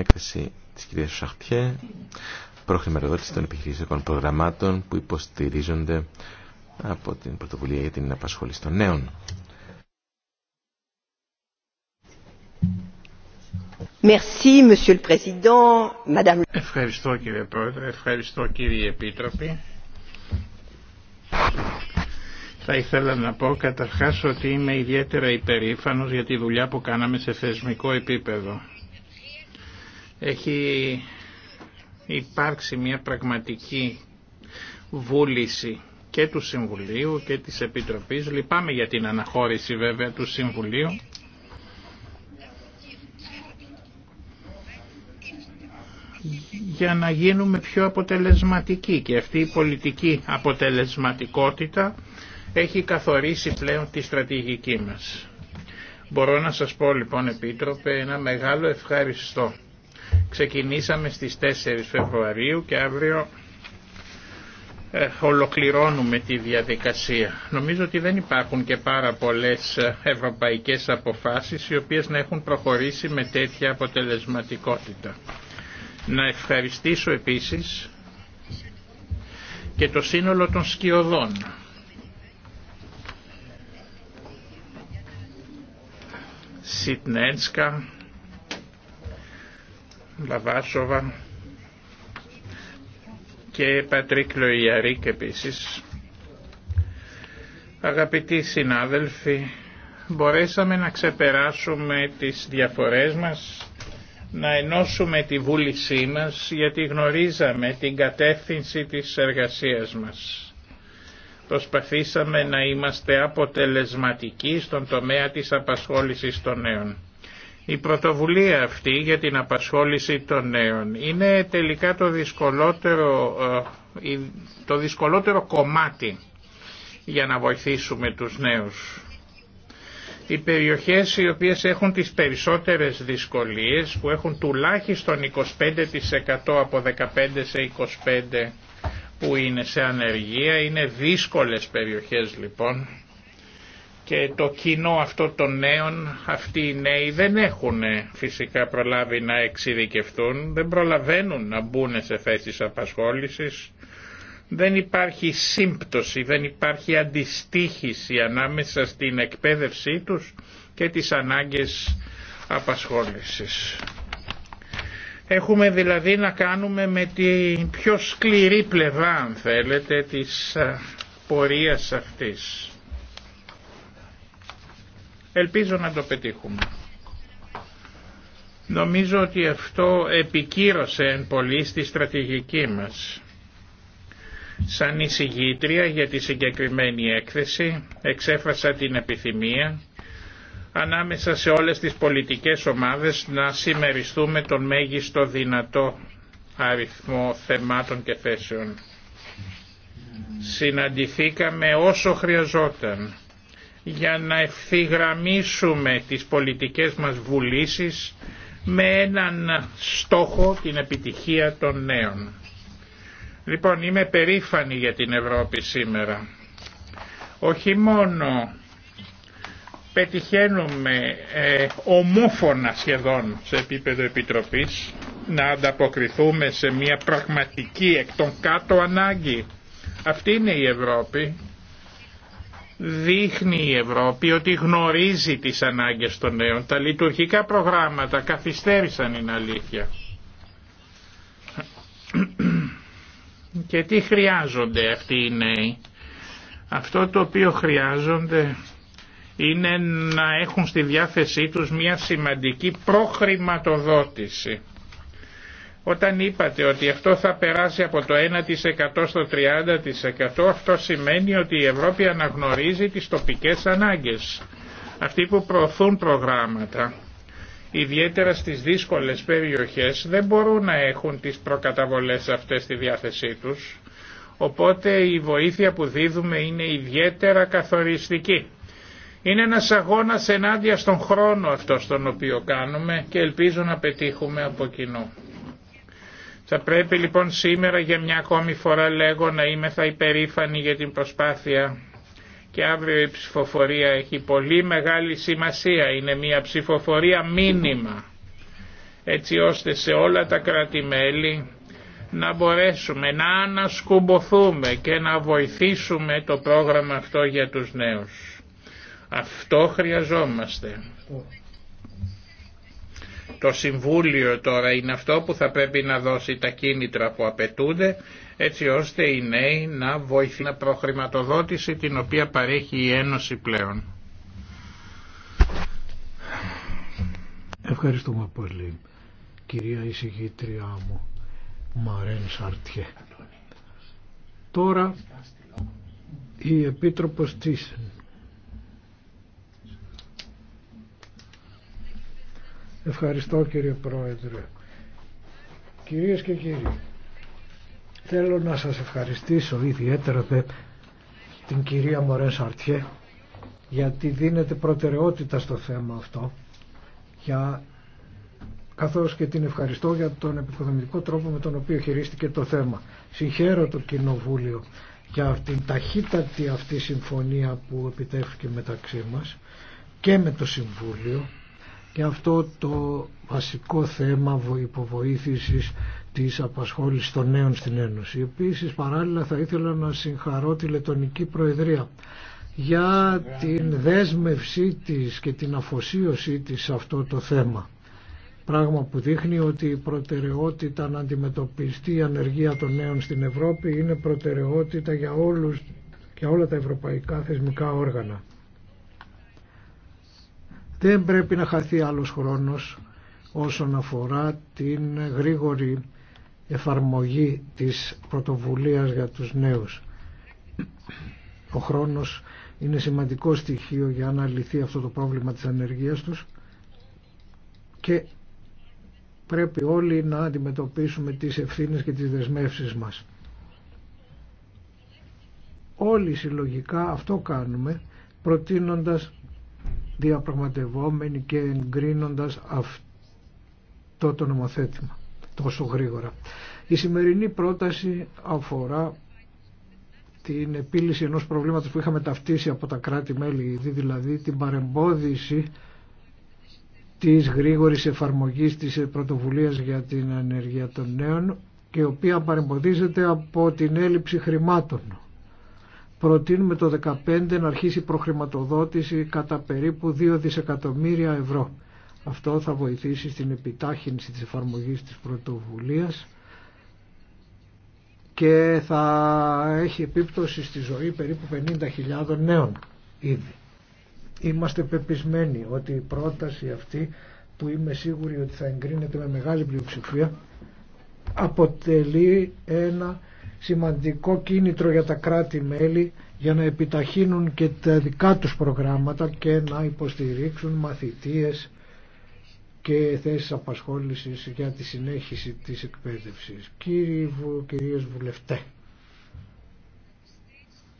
έκθεση της κυρίας Σαχτιέ προχρημεροδότηση των επιχειρησιακών προγραμμάτων που υποστηρίζονται από την πρωτοβουλία για την απασχόληση των νέων. Merci, Monsieur le Président, Madame. Ευχαριστώ κύριε Πρόεδρε, ευχαριστώ κύριε Επίτροπη. Θα ήθελα να πω καταρχάς ότι είμαι ιδιαίτερα υπερήφανος για τη δουλειά που κάναμε σε θεσμικό επίπεδο έχει υπάρξει μια πραγματική βούληση και του Συμβουλίου και της Επιτροπής. Λυπάμαι για την αναχώρηση βέβαια του Συμβουλίου. για να γίνουμε πιο αποτελεσματικοί και αυτή η πολιτική αποτελεσματικότητα έχει καθορίσει πλέον τη στρατηγική μας. Μπορώ να σας πω λοιπόν Επίτροπε ένα μεγάλο ευχαριστώ Ξεκινήσαμε στις 4 Φεβρουαρίου και αύριο ε, ολοκληρώνουμε τη διαδικασία. Νομίζω ότι δεν υπάρχουν και πάρα πολλές ε, ευρωπαϊκές αποφάσεις οι οποίες να έχουν προχωρήσει με τέτοια αποτελεσματικότητα. Να ευχαριστήσω επίσης και το σύνολο των σκιωδών. Σιτνένσκα, Λαβάσοβα και Πατρίκ Λοιαρίκ επίσης. Αγαπητοί συνάδελφοι, μπορέσαμε να ξεπεράσουμε τις διαφορές μας, να ενώσουμε τη βούλησή μας γιατί γνωρίζαμε την κατεύθυνση της εργασίας μας. Προσπαθήσαμε να είμαστε αποτελεσματικοί στον τομέα της απασχόλησης των νέων. Η πρωτοβουλία αυτή για την απασχόληση των νέων είναι τελικά το δυσκολότερο, ε, το δυσκολότερο κομμάτι για να βοηθήσουμε τους νέους. Οι περιοχές οι οποίες έχουν τις περισσότερες δυσκολίες, που έχουν τουλάχιστον 25% από 15% σε 25% που είναι σε ανεργία, είναι δύσκολες περιοχές λοιπόν, και το κοινό αυτό των νέων, αυτοί οι νέοι δεν έχουν ε, φυσικά προλάβει να εξειδικευτούν, δεν προλαβαίνουν να μπουν σε θέσεις απασχόλησης, δεν υπάρχει σύμπτωση, δεν υπάρχει αντιστήχηση ανάμεσα στην εκπαίδευσή τους και τις ανάγκες απασχόλησης. Έχουμε δηλαδή να κάνουμε με την πιο σκληρή πλευρά, αν θέλετε, της ε, πορείας αυτής. Ελπίζω να το πετύχουμε. Νομίζω ότι αυτό επικύρωσε εν πολύ στη στρατηγική μας. Σαν εισηγήτρια για τη συγκεκριμένη έκθεση εξέφρασα την επιθυμία ανάμεσα σε όλες τις πολιτικές ομάδες να συμμεριστούμε τον μέγιστο δυνατό αριθμό θεμάτων και θέσεων. Συναντηθήκαμε όσο χρειαζόταν για να ευθυγραμμίσουμε τις πολιτικές μας βουλήσεις με έναν στόχο την επιτυχία των νέων. Λοιπόν, είμαι περήφανη για την Ευρώπη σήμερα. Όχι μόνο πετυχαίνουμε ε, ομόφωνα σχεδόν σε επίπεδο επιτροπής να ανταποκριθούμε σε μια πραγματική εκ των κάτω ανάγκη. Αυτή είναι η Ευρώπη δείχνει η Ευρώπη ότι γνωρίζει τις ανάγκες των νέων. Τα λειτουργικά προγράμματα καθυστέρησαν είναι αλήθεια. Και τι χρειάζονται αυτοί οι νέοι. Αυτό το οποίο χρειάζονται είναι να έχουν στη διάθεσή τους μια σημαντική προχρηματοδότηση. Όταν είπατε ότι αυτό θα περάσει από το 1% στο 30% αυτό σημαίνει ότι η Ευρώπη αναγνωρίζει τις τοπικές ανάγκες. Αυτοί που προωθούν προγράμματα, ιδιαίτερα στις δύσκολες περιοχές, δεν μπορούν να έχουν τις προκαταβολές αυτές στη διάθεσή τους. Οπότε η βοήθεια που δίδουμε είναι ιδιαίτερα καθοριστική. Είναι ένας αγώνας ενάντια στον χρόνο αυτό στον οποίο κάνουμε και ελπίζω να πετύχουμε από κοινού. Θα πρέπει λοιπόν σήμερα για μια ακόμη φορά λέγω να είμαι θα υπερήφανη για την προσπάθεια και αύριο η ψηφοφορία έχει πολύ μεγάλη σημασία. Είναι μια ψηφοφορία μήνυμα έτσι ώστε σε όλα τα κράτη-μέλη να μπορέσουμε να ανασκουμποθούμε και να βοηθήσουμε το πρόγραμμα αυτό για τους νέους. Αυτό χρειαζόμαστε. Το Συμβούλιο τώρα είναι αυτό που θα πρέπει να δώσει τα κίνητρα που απαιτούνται έτσι ώστε οι νέοι να βοηθούν να προχρηματοδότηση την οποία παρέχει η Ένωση πλέον. Ευχαριστούμε πολύ κυρία εισηγήτριά μου Μαρέν Σαρτιέ. Τώρα η Επίτροπος Τίσεν. Ευχαριστώ κύριε Πρόεδρε. Κυρίες και κύριοι, θέλω να σας ευχαριστήσω ιδιαίτερα την κυρία Μωρέν Σαρτιέ γιατί δίνεται προτεραιότητα στο θέμα αυτό για, καθώς και την ευχαριστώ για τον επικοδομητικό τρόπο με τον οποίο χειρίστηκε το θέμα. Συγχαίρω το Κοινοβούλιο για την ταχύτατη αυτή συμφωνία που επιτεύχθηκε μεταξύ μας και με το Συμβούλιο και αυτό το βασικό θέμα υποβοήθησης της απασχόλησης των νέων στην Ένωση. Επίσης παράλληλα θα ήθελα να συγχαρώ τη Λετωνική Προεδρία για την δέσμευσή της και την αφοσίωσή της σε αυτό το θέμα. Πράγμα που δείχνει ότι η προτεραιότητα να αντιμετωπιστεί η ανεργία των νέων στην Ευρώπη είναι προτεραιότητα για, όλους, για όλα τα ευρωπαϊκά θεσμικά όργανα. Δεν πρέπει να χαθεί άλλος χρόνος όσον αφορά την γρήγορη εφαρμογή της πρωτοβουλίας για τους νέους. Ο χρόνος είναι σημαντικό στοιχείο για να λυθεί αυτό το πρόβλημα της ανεργίας τους και πρέπει όλοι να αντιμετωπίσουμε τις ευθύνες και τις δεσμεύσεις μας. Όλοι συλλογικά αυτό κάνουμε προτείνοντας διαπραγματευόμενοι και εγκρίνοντας αυτό το νομοθέτημα τόσο γρήγορα. Η σημερινή πρόταση αφορά την επίλυση ενός προβλήματος που είχαμε ταυτίσει από τα κράτη-μέλη, δηλαδή την παρεμπόδιση της γρήγορης εφαρμογής της πρωτοβουλίας για την ανεργία των νέων και η οποία παρεμποδίζεται από την έλλειψη χρημάτων προτείνουμε το 2015 να αρχίσει προχρηματοδότηση κατά περίπου 2 δισεκατομμύρια ευρώ. Αυτό θα βοηθήσει στην επιτάχυνση της εφαρμογής της πρωτοβουλίας και θα έχει επίπτωση στη ζωή περίπου 50.000 νέων ήδη. Είμαστε πεπισμένοι ότι η πρόταση αυτή που είμαι σίγουροι ότι θα εγκρίνεται με μεγάλη πλειοψηφία αποτελεί ένα σημαντικό κίνητρο για τα κράτη-μέλη για να επιταχύνουν και τα δικά τους προγράμματα και να υποστηρίξουν μαθητείες και θέσεις απασχόλησης για τη συνέχιση της εκπαίδευσης. Κύριοι κυρίες βουλευτέ,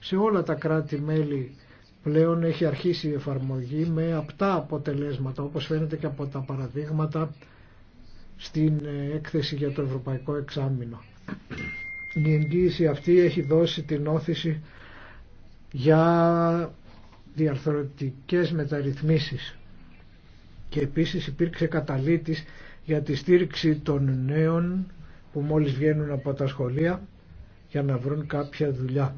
σε όλα τα κράτη-μέλη πλέον έχει αρχίσει η εφαρμογή με απτά αποτελέσματα, όπως φαίνεται και από τα παραδείγματα στην ε, έκθεση για το Ευρωπαϊκό Εξάμεινο η εγγύηση αυτή έχει δώσει την όθηση για διαρθρωτικές μεταρρυθμίσεις και επίσης υπήρξε καταλήτης για τη στήριξη των νέων που μόλις βγαίνουν από τα σχολεία για να βρουν κάποια δουλειά.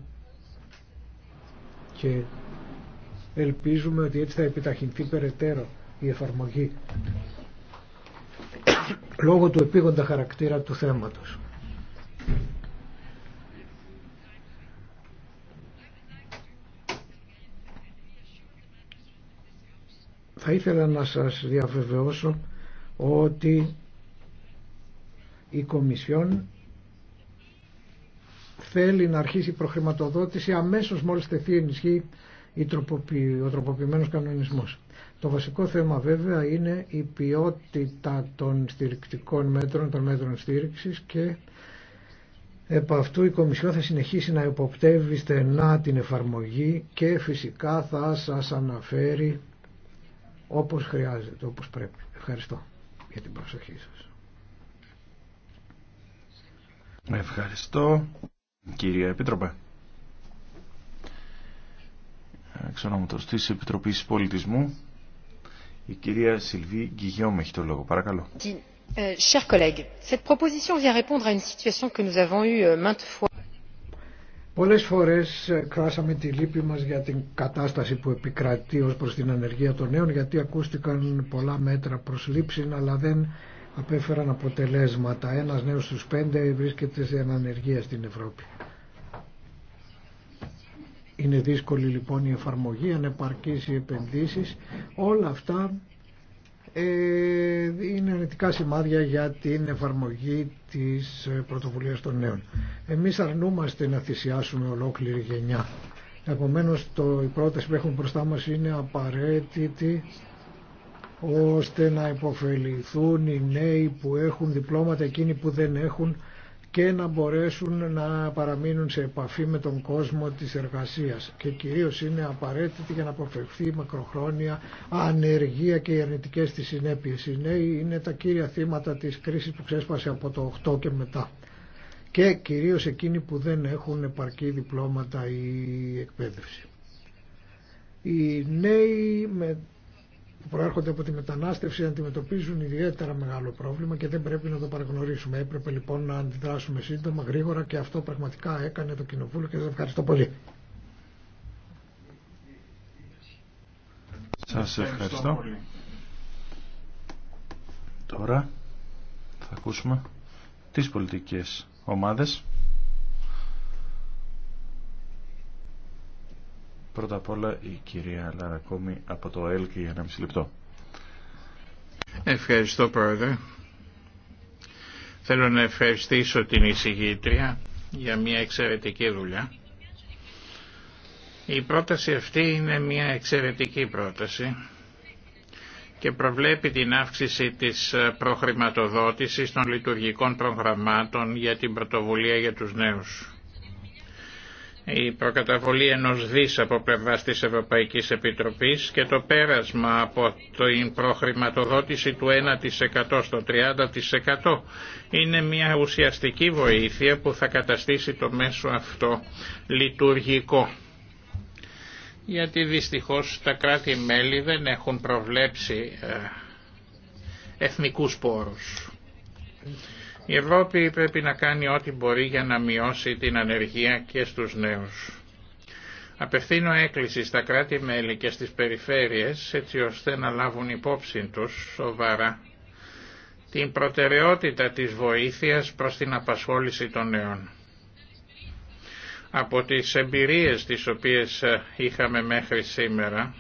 Και ελπίζουμε ότι έτσι θα επιταχυνθεί περαιτέρω η εφαρμογή λόγω του επίγοντα χαρακτήρα του θέματος. Θα ήθελα να σας διαβεβαιώσω ότι η Κομισιόν θέλει να αρχίσει προχρηματοδότηση αμέσως μόλις τεθεί ενισχύει ο τροποποιημένος κανονισμός. Το βασικό θέμα βέβαια είναι η ποιότητα των στηρικτικών μέτρων, των μέτρων στήριξης και επ' αυτού η Κομισιόν θα συνεχίσει να υποπτεύει στενά την εφαρμογή και φυσικά θα σας αναφέρει όπως χρειάζεται, όπως πρέπει. Ευχαριστώ για την προσοχή σας. Ευχαριστώ κύριε Επίτροπε. Εξονόματος της Επιτροπής Πολιτισμού η κυρία Σιλβή Γκυγιόμ έχει το λόγο. Παρακαλώ. Ε, chers collègues, cette proposition vient répondre à une situation que nous avons eue euh, maintes fois. Πολλές φορές ε, κράσαμε τη λύπη μας για την κατάσταση που επικρατεί ως προς την ανεργία των νέων γιατί ακούστηκαν πολλά μέτρα λήψη αλλά δεν απέφεραν αποτελέσματα. Ένας νέος στους πέντε βρίσκεται σε ανανεργία στην Ευρώπη. Είναι δύσκολη λοιπόν η εφαρμογή, ανεπαρκής οι επενδύσεις. Όλα αυτά ε, είναι αρνητικά σημάδια για την εφαρμογή της πρωτοβουλίας των νέων. Εμείς αρνούμαστε να θυσιάσουμε ολόκληρη γενιά. Επομένως το, η πρόταση που έχουμε μπροστά μας είναι απαραίτητη ώστε να υποφεληθούν οι νέοι που έχουν διπλώματα εκείνοι που δεν έχουν και να μπορέσουν να παραμείνουν σε επαφή με τον κόσμο της εργασίας και κυρίως είναι απαραίτητη για να αποφευχθεί η μακροχρόνια ανεργία και οι αρνητικές της συνέπειες. Οι νέοι είναι τα κύρια θύματα της κρίσης που ξέσπασε από το 8 και μετά και κυρίως εκείνοι που δεν έχουν επαρκή διπλώματα ή εκπαίδευση. Οι νέοι με που προέρχονται από τη μετανάστευση αντιμετωπίζουν ιδιαίτερα μεγάλο πρόβλημα και δεν πρέπει να το παραγνωρίσουμε. Έπρεπε λοιπόν να αντιδράσουμε σύντομα, γρήγορα και αυτό πραγματικά έκανε το Κοινοβούλιο και σα ευχαριστώ πολύ. Σα ευχαριστώ. Τώρα θα ακούσουμε τις πολιτικές ομάδες. Πρώτα απ' όλα η κυρία Λαρακόμη από το ΕΛΚ για ένα μισή λεπτό. Ευχαριστώ πρόεδρε. Θέλω να ευχαριστήσω την εισηγήτρια για μια εξαιρετική δουλειά. Η πρόταση αυτή είναι μια εξαιρετική πρόταση και προβλέπει την αύξηση της προχρηματοδότησης των λειτουργικών προγραμμάτων για την πρωτοβουλία για τους νέους η προκαταβολή ενός δις από πλευράς της Ευρωπαϊκής Επιτροπής και το πέρασμα από την προχρηματοδότηση του 1% στο 30% είναι μια ουσιαστική βοήθεια που θα καταστήσει το μέσο αυτό λειτουργικό. Γιατί δυστυχώς τα κράτη-μέλη δεν έχουν προβλέψει ε, εθνικούς πόρους. Η Ευρώπη πρέπει να κάνει ό,τι μπορεί για να μειώσει την ανεργία και στους νέους. Απευθύνω έκκληση στα κράτη-μέλη και στις περιφέρειες έτσι ώστε να λάβουν υπόψη τους σοβαρά την προτεραιότητα της βοήθειας προς την απασχόληση των νέων. Από τις εμπειρίες τις οποίες ε, είχαμε μέχρι σήμερα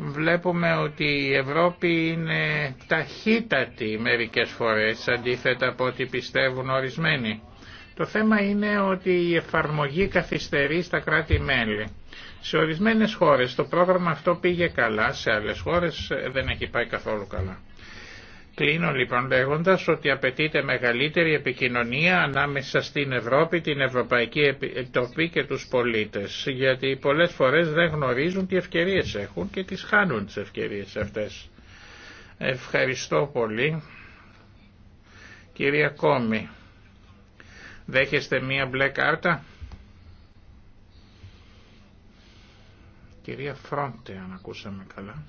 βλέπουμε ότι η Ευρώπη είναι ταχύτατη μερικές φορές αντίθετα από ό,τι πιστεύουν ορισμένοι. Το θέμα είναι ότι η εφαρμογή καθυστερεί στα κράτη-μέλη. Σε ορισμένες χώρες το πρόγραμμα αυτό πήγε καλά, σε άλλες χώρες δεν έχει πάει καθόλου καλά. Κλείνω λοιπόν λέγοντας ότι απαιτείται μεγαλύτερη επικοινωνία ανάμεσα στην Ευρώπη, την Ευρωπαϊκή Επιτροπή και τους πολίτες, γιατί πολλές φορές δεν γνωρίζουν τι ευκαιρίες έχουν και τις χάνουν τις ευκαιρίες αυτές. Ευχαριστώ πολύ. Κυρία Κόμη, δέχεστε μία μπλε κάρτα. Κυρία Φρόντε, αν ακούσαμε καλά.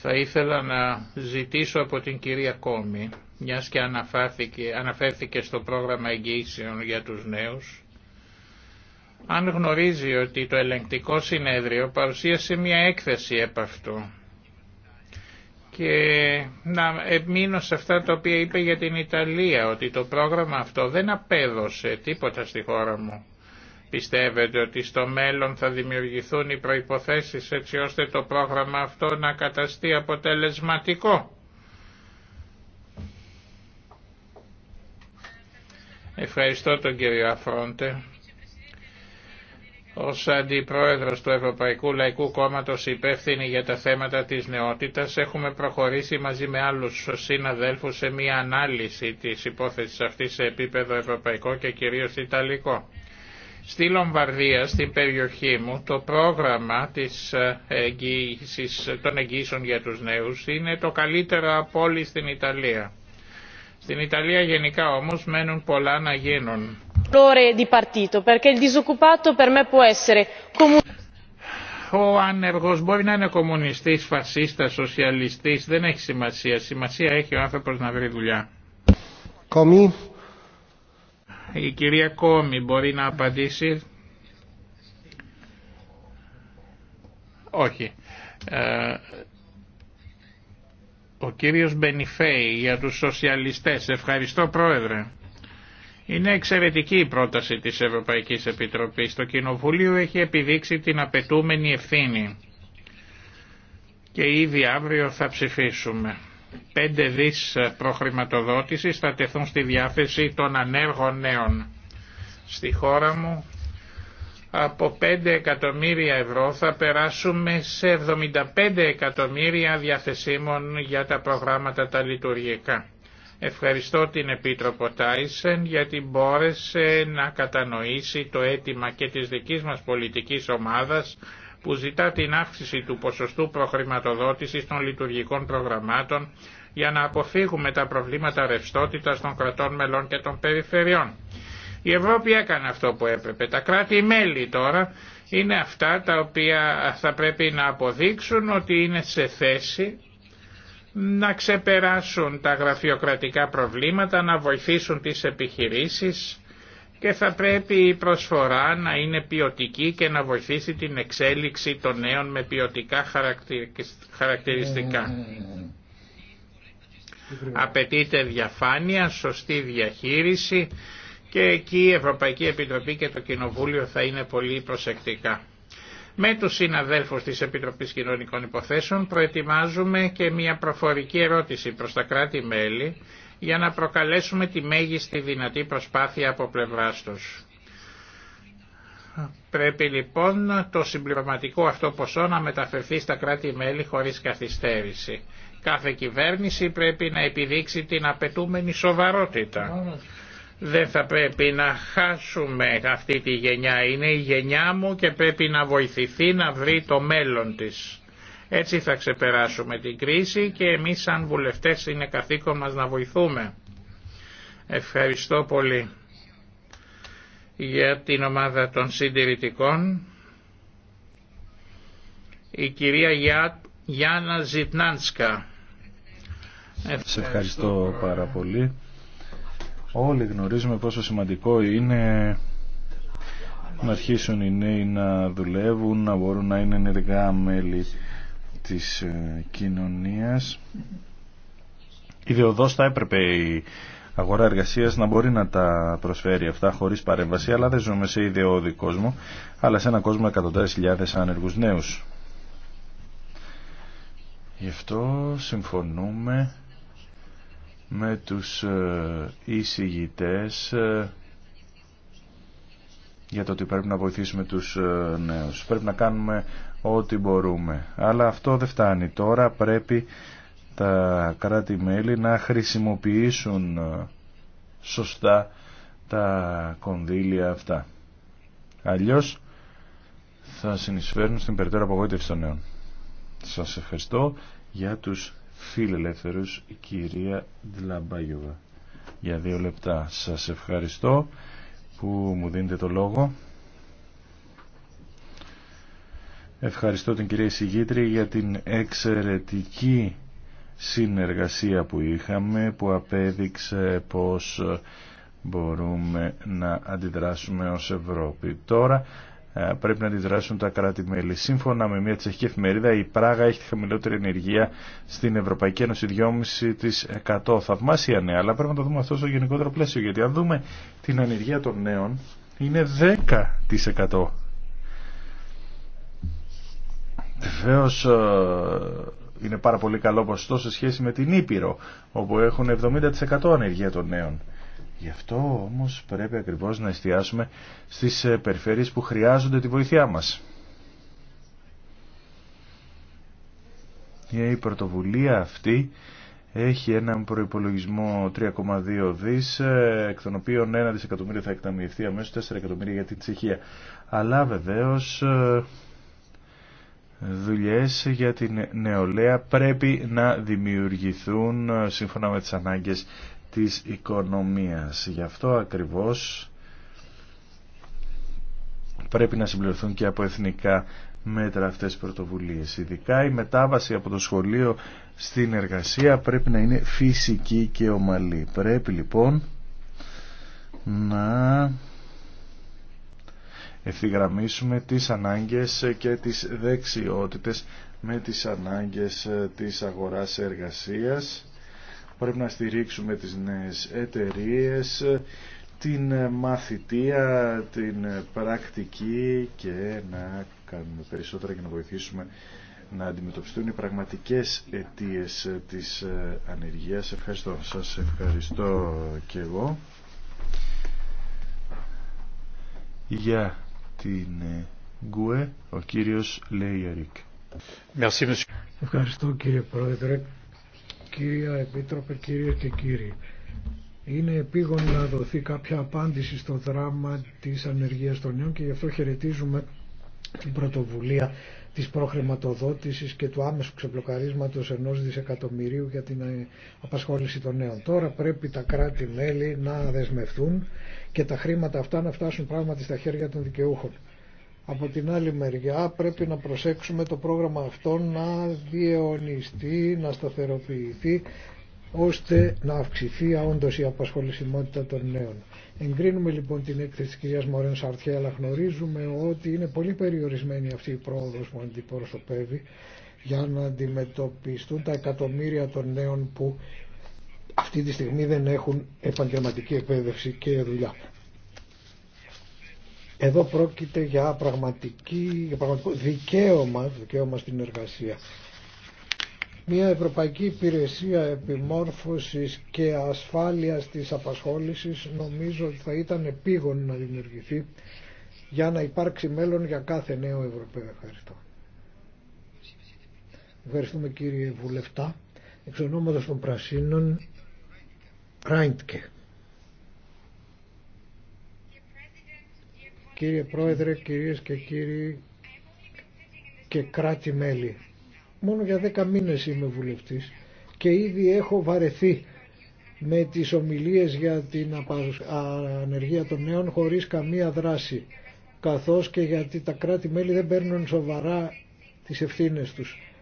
Θα ήθελα να ζητήσω από την κυρία Κόμη, μιας και αναφέρθηκε, αναφέρθηκε στο πρόγραμμα εγγύησεων για τους νέους, αν γνωρίζει ότι το ελεγκτικό συνέδριο παρουσίασε μια έκθεση επ' αυτού και να εμείνω σε αυτά τα οποία είπε για την Ιταλία, ότι το πρόγραμμα αυτό δεν απέδωσε τίποτα στη χώρα μου. Πιστεύετε ότι στο μέλλον θα δημιουργηθούν οι προϋποθέσεις έτσι ώστε το πρόγραμμα αυτό να καταστεί αποτελεσματικό. Ευχαριστώ τον κύριο Αφρόντε. Ως Αντιπρόεδρος του Ευρωπαϊκού Λαϊκού Κόμματος υπεύθυνη για τα θέματα της νεότητας έχουμε προχωρήσει μαζί με άλλους συναδέλφους σε μια ανάλυση της υπόθεσης αυτή σε επίπεδο ευρωπαϊκό και κυρίως ιταλικό. Στη Λομβαρδία, στην περιοχή μου, το πρόγραμμα της ε, των εγγύσεων για τους νέους είναι το καλύτερο από όλοι στην Ιταλία. Στην Ιταλία γενικά όμως μένουν πολλά να γίνουν. Ο άνεργος μπορεί να είναι κομμουνιστής, φασίστας, σοσιαλιστής, δεν έχει σημασία. Σημασία έχει ο άνθρωπος να βρει δουλειά. Η κυρία Κόμη μπορεί να απαντήσει. Όχι. Ε, ο κύριος Μπενιφέη για τους σοσιαλιστές. Ευχαριστώ πρόεδρε. Είναι εξαιρετική η πρόταση της Ευρωπαϊκής Επιτροπής. Το Κοινοβουλίο έχει επιδείξει την απαιτούμενη ευθύνη. Και ήδη αύριο θα ψηφίσουμε. 5 δις προχρηματοδότησης θα τεθούν στη διάθεση των ανέργων νέων. Στη χώρα μου από 5 εκατομμύρια ευρώ θα περάσουμε σε 75 εκατομμύρια διαθεσίμων για τα προγράμματα τα λειτουργικά. Ευχαριστώ την Επίτροπο Τάισεν γιατί μπόρεσε να κατανοήσει το αίτημα και της δικής μας πολιτικής ομάδας που ζητά την αύξηση του ποσοστού προχρηματοδότησης των λειτουργικών προγραμμάτων για να αποφύγουμε τα προβλήματα ρευστότητας των κρατών μελών και των περιφερειών. Η Ευρώπη έκανε αυτό που έπρεπε. Τα κράτη-μέλη τώρα είναι αυτά τα οποία θα πρέπει να αποδείξουν ότι είναι σε θέση να ξεπεράσουν τα γραφειοκρατικά προβλήματα, να βοηθήσουν τις επιχειρήσεις, και θα πρέπει η προσφορά να είναι ποιοτική και να βοηθήσει την εξέλιξη των νέων με ποιοτικά χαρακτηριστικά. Απαιτείται διαφάνεια, σωστή διαχείριση και εκεί η Ευρωπαϊκή Επιτροπή και το Κοινοβούλιο θα είναι πολύ προσεκτικά. Με τους συναδέλφους της Επιτροπής Κοινωνικών Υποθέσεων προετοιμάζουμε και μια προφορική ερώτηση προς τα κράτη-μέλη για να προκαλέσουμε τη μέγιστη δυνατή προσπάθεια από πλευράς τους. Πρέπει λοιπόν το συμπληρωματικό αυτό ποσό να μεταφερθεί στα κράτη-μέλη χωρίς καθυστέρηση. Κάθε κυβέρνηση πρέπει να επιδείξει την απαιτούμενη σοβαρότητα. Δεν θα πρέπει να χάσουμε αυτή τη γενιά. Είναι η γενιά μου και πρέπει να βοηθηθεί να βρει το μέλλον της. Έτσι θα ξεπεράσουμε την κρίση και εμείς σαν βουλευτές είναι καθήκον μας να βοηθούμε. Ευχαριστώ πολύ για την ομάδα των συντηρητικών. Η κυρία Γιάννα Ζιτνάνσκα. Ευχαριστώ. Σε ευχαριστώ πάρα πολύ. Όλοι γνωρίζουμε πόσο σημαντικό είναι να αρχίσουν οι νέοι να δουλεύουν, να μπορούν να είναι ενεργά μέλη της ε, κοινωνίας. Ιδεοδός θα έπρεπε η αγορά εργασίας να μπορεί να τα προσφέρει αυτά χωρίς παρέμβαση, αλλά δεν ζούμε σε ιδεώδη κόσμο, αλλά σε ένα κόσμο εκατοντάδες χιλιάδες άνεργους νέους. Γι' αυτό συμφωνούμε με τους ε, εισηγητές ε, για το ότι πρέπει να βοηθήσουμε τους νέους. Πρέπει να κάνουμε ό,τι μπορούμε. Αλλά αυτό δεν φτάνει. Τώρα πρέπει τα κράτη-μέλη να χρησιμοποιήσουν ε, σωστά τα κονδύλια αυτά. Αλλιώς θα συνεισφέρουν στην περαιτέρω απογοήτευση των νέων. Σας ευχαριστώ για τους φιλελεύθερους η κυρία Ντλαμπάγιοβα. Για δύο λεπτά σας ευχαριστώ που μου δίνετε το λόγο. Ευχαριστώ την κυρία Σιγήτρη για την εξαιρετική συνεργασία που είχαμε που απέδειξε πως μπορούμε να αντιδράσουμε ως Ευρώπη. Τώρα ε, πρέπει να αντιδράσουν τα κράτη-μέλη. Σύμφωνα με μια τσεχική εφημερίδα, η Πράγα έχει τη χαμηλότερη ενεργεία στην Ευρωπαϊκή Ένωση 2,5%. Θαυμάσια νέα, αλλά πρέπει να το δούμε αυτό στο γενικότερο πλαίσιο. Γιατί αν δούμε την ανεργία των νέων, είναι 10%. Βεβαίω ε, είναι πάρα πολύ καλό ποσοστό σε σχέση με την Ήπειρο, όπου έχουν 70% ανεργία των νέων. Γι' αυτό όμως πρέπει ακριβώς να εστιάσουμε στις ε, περιφέρειες που χρειάζονται τη βοήθειά μας. Η πρωτοβουλία αυτή έχει έναν προϋπολογισμό 3,2 δις, ε, εκ των οποίων 1 δισεκατομμύριο θα εκταμιευθεί αμέσως 4 εκατομμύρια για την Τσεχία. Αλλά βεβαίως δουλειές για την νεολαία πρέπει να δημιουργηθούν σύμφωνα με τις ανάγκες της οικονομίας. Γι' αυτό ακριβώς πρέπει να συμπληρωθούν και από εθνικά μέτρα αυτές τις πρωτοβουλίες. Ειδικά η μετάβαση από το σχολείο στην εργασία πρέπει να είναι φυσική και ομαλή. Πρέπει λοιπόν να ευθυγραμμίσουμε τις ανάγκες και τις δεξιότητες με τις ανάγκες της αγοράς εργασίας. Πρέπει να στηρίξουμε τις νέες εταιρείες, την μαθητεία, την πρακτική και να κάνουμε περισσότερα για να βοηθήσουμε να αντιμετωπιστούν οι πραγματικές αιτίες της ανεργίας. Ευχαριστώ. Σας ευχαριστώ και εγώ. Για την ε, Γκουε, ο κύριος Λέιερικ. Ευχαριστώ κύριε Πρόεδρε, κύρια Επίτροπε, κύριε και κύριοι. Είναι επίγον να δοθεί κάποια απάντηση στο δράμα της ανεργίας των νέων και γι' αυτό χαιρετίζουμε την πρωτοβουλία της προχρηματοδότησης και του άμεσου ξεπλοκαρίσματος ενός δισεκατομμυρίου για την ε, απασχόληση των νέων. Τώρα πρέπει τα κράτη-μέλη να δεσμευτούν και τα χρήματα αυτά να φτάσουν πράγματι στα χέρια των δικαιούχων. Από την άλλη μεριά πρέπει να προσέξουμε το πρόγραμμα αυτό να διαιωνιστεί, να σταθεροποιηθεί ώστε να αυξηθεί όντω η απασχολησιμότητα των νέων. Εγκρίνουμε λοιπόν την έκθεση της κυρίας Μωρέν Σαρτιέ, αλλά γνωρίζουμε ότι είναι πολύ περιορισμένη αυτή η πρόοδος που αντιπροσωπεύει για να αντιμετωπιστούν τα εκατομμύρια των νέων που αυτή τη στιγμή δεν έχουν επαγγελματική εκπαίδευση και δουλειά. Εδώ πρόκειται για για πραγματικό δικαίωμα, δικαίωμα στην εργασία μια Ευρωπαϊκή Υπηρεσία Επιμόρφωσης και Ασφάλειας της Απασχόλησης νομίζω ότι θα ήταν επίγον να δημιουργηθεί για να υπάρξει μέλλον για κάθε νέο Ευρωπαίο. Ευχαριστώ. Ευχαριστούμε κύριε Βουλευτά. Εξ ονόματος των Πρασίνων, Ράιντκε. Κύριε Πρόεδρε, κυρίες και κύριοι και κράτη-μέλη μόνο για δέκα μήνες είμαι βουλευτής και ήδη έχω βαρεθεί με τις ομιλίες για την ανεργία των νέων χωρίς καμία δράση καθώς και γιατί τα κράτη-μέλη δεν παίρνουν σοβαρά τις ευθύνες τους.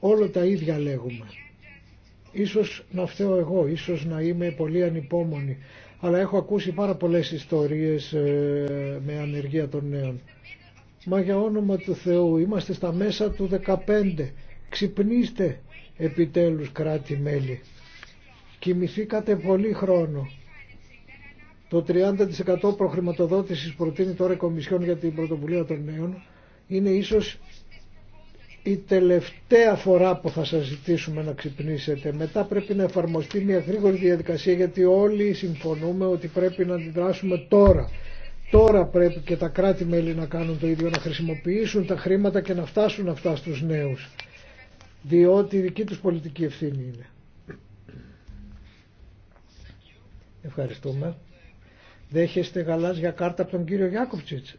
Όλο τα ίδια λέγουμε. Ίσως να φταίω εγώ, ίσως να είμαι πολύ ανυπόμονη, αλλά έχω ακούσει πάρα πολλές ιστορίες ε, με ανεργία των νέων. Μα για όνομα του Θεού είμαστε στα μέσα του 15. Ξυπνήστε επιτέλους κράτη-μέλη. Κοιμηθήκατε πολύ χρόνο. Το 30% προχρηματοδότησης προτείνει τώρα η Κομισιόν για την Πρωτοβουλία των Νέων είναι ίσως η τελευταία φορά που θα σας ζητήσουμε να ξυπνήσετε. Μετά πρέπει να εφαρμοστεί μια γρήγορη διαδικασία γιατί όλοι συμφωνούμε ότι πρέπει να αντιδράσουμε τώρα Τώρα πρέπει και τα κράτη-μέλη να κάνουν το ίδιο, να χρησιμοποιήσουν τα χρήματα και να φτάσουν αυτά στους νέους. Διότι η δική τους πολιτική ευθύνη είναι. Ευχαριστούμε. Δέχεστε γαλάζια κάρτα από τον κύριο Γιάκοφτσιτς.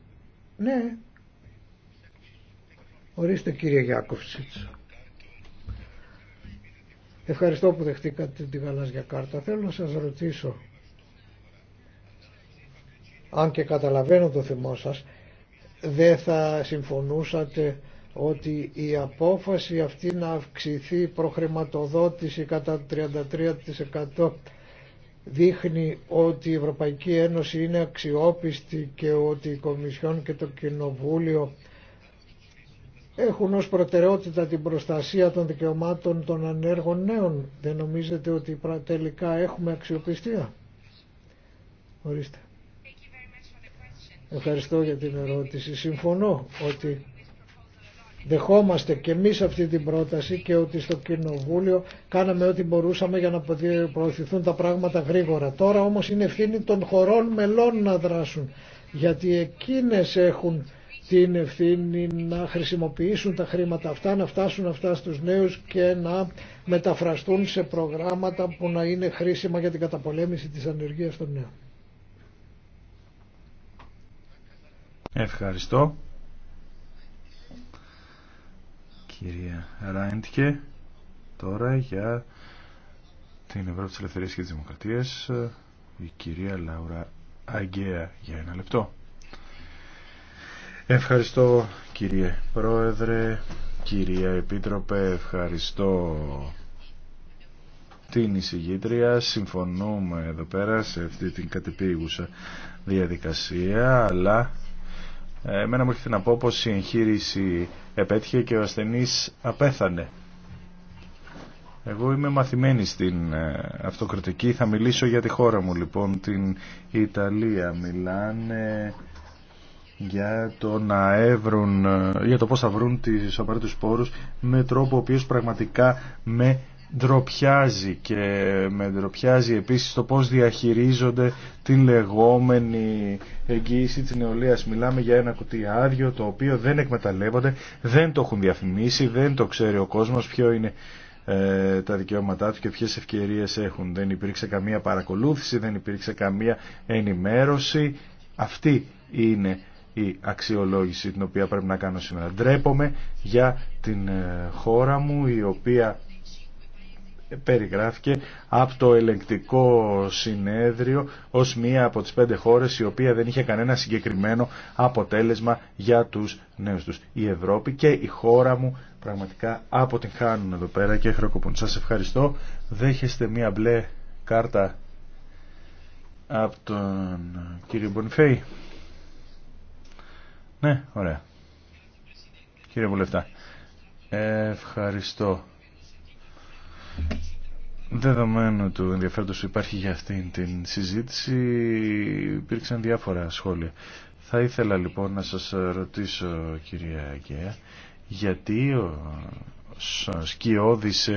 Ναι. Ορίστε κύριε Γιάκοφτσιτς. Ευχαριστώ που δεχτήκατε τη γαλάζια κάρτα. Θέλω να σας ρωτήσω αν και καταλαβαίνω το θυμό σας, δεν θα συμφωνούσατε ότι η απόφαση αυτή να αυξηθεί προχρηματοδότηση κατά 33% δείχνει ότι η Ευρωπαϊκή Ένωση είναι αξιόπιστη και ότι η Κομισιόν και το Κοινοβούλιο έχουν ως προτεραιότητα την προστασία των δικαιωμάτων των ανέργων νέων. Δεν νομίζετε ότι τελικά έχουμε αξιοπιστία. Ορίστε. Ευχαριστώ για την ερώτηση. Συμφωνώ ότι δεχόμαστε και εμείς αυτή την πρόταση και ότι στο Κοινοβούλιο κάναμε ό,τι μπορούσαμε για να προωθηθούν τα πράγματα γρήγορα. Τώρα όμως είναι ευθύνη των χωρών μελών να δράσουν γιατί εκείνες έχουν την ευθύνη να χρησιμοποιήσουν τα χρήματα αυτά, να φτάσουν αυτά στους νέους και να μεταφραστούν σε προγράμματα που να είναι χρήσιμα για την καταπολέμηση της ανεργίας των νέων. Ευχαριστώ. Κυρία Ράιντκε, τώρα για την Ευρώπη της Ελευθερίας και της Δημοκρατίας, η κυρία Λαουρα Αγκαία για ένα λεπτό. Ευχαριστώ κύριε Πρόεδρε, κυρία Επίτροπε, ευχαριστώ την εισηγήτρια. Συμφωνούμε εδώ πέρα σε αυτή την κατεπίγουσα διαδικασία, αλλά Εμένα μου έρχεται να πω πως η εγχείρηση επέτυχε και ο ασθενής απέθανε. Εγώ είμαι μαθημένη στην ε, αυτοκριτική. Θα μιλήσω για τη χώρα μου λοιπόν, την Ιταλία. Μιλάνε για το να ε, για το πώς θα βρουν τις απαραίτητες πόρους με τρόπο ο οποίος πραγματικά με ντροπιάζει και με ντροπιάζει επίσης το πώς διαχειρίζονται την λεγόμενη εγγύηση της νεολαίας. Μιλάμε για ένα κουτί άδειο το οποίο δεν εκμεταλλεύονται, δεν το έχουν διαφημίσει, δεν το ξέρει ο κόσμος ποιο είναι ε, τα δικαιώματά του και ποιες ευκαιρίες έχουν. Δεν υπήρξε καμία παρακολούθηση, δεν υπήρξε καμία ενημέρωση. Αυτή είναι η αξιολόγηση την οποία πρέπει να κάνω σήμερα. Ντρέπομαι για την ε, χώρα μου η οποία περιγράφηκε από το ελεγκτικό συνέδριο ως μία από τις πέντε χώρες η οποία δεν είχε κανένα συγκεκριμένο αποτέλεσμα για τους νέους τους. Η Ευρώπη και η χώρα μου πραγματικά αποτυγχάνουν εδώ πέρα και χρεοκοπούν. Σας ευχαριστώ. Δέχεστε μία μπλε κάρτα από τον κύριο Μπονιφέη. Ναι, ωραία. Κύριε Βουλευτά, ευχαριστώ Δεδομένου του ενδιαφέροντος που υπάρχει για αυτήν την συζήτηση υπήρξαν διάφορα σχόλια. Θα ήθελα λοιπόν να σας ρωτήσω κυρία Αγκαία γιατί ο σκιώδης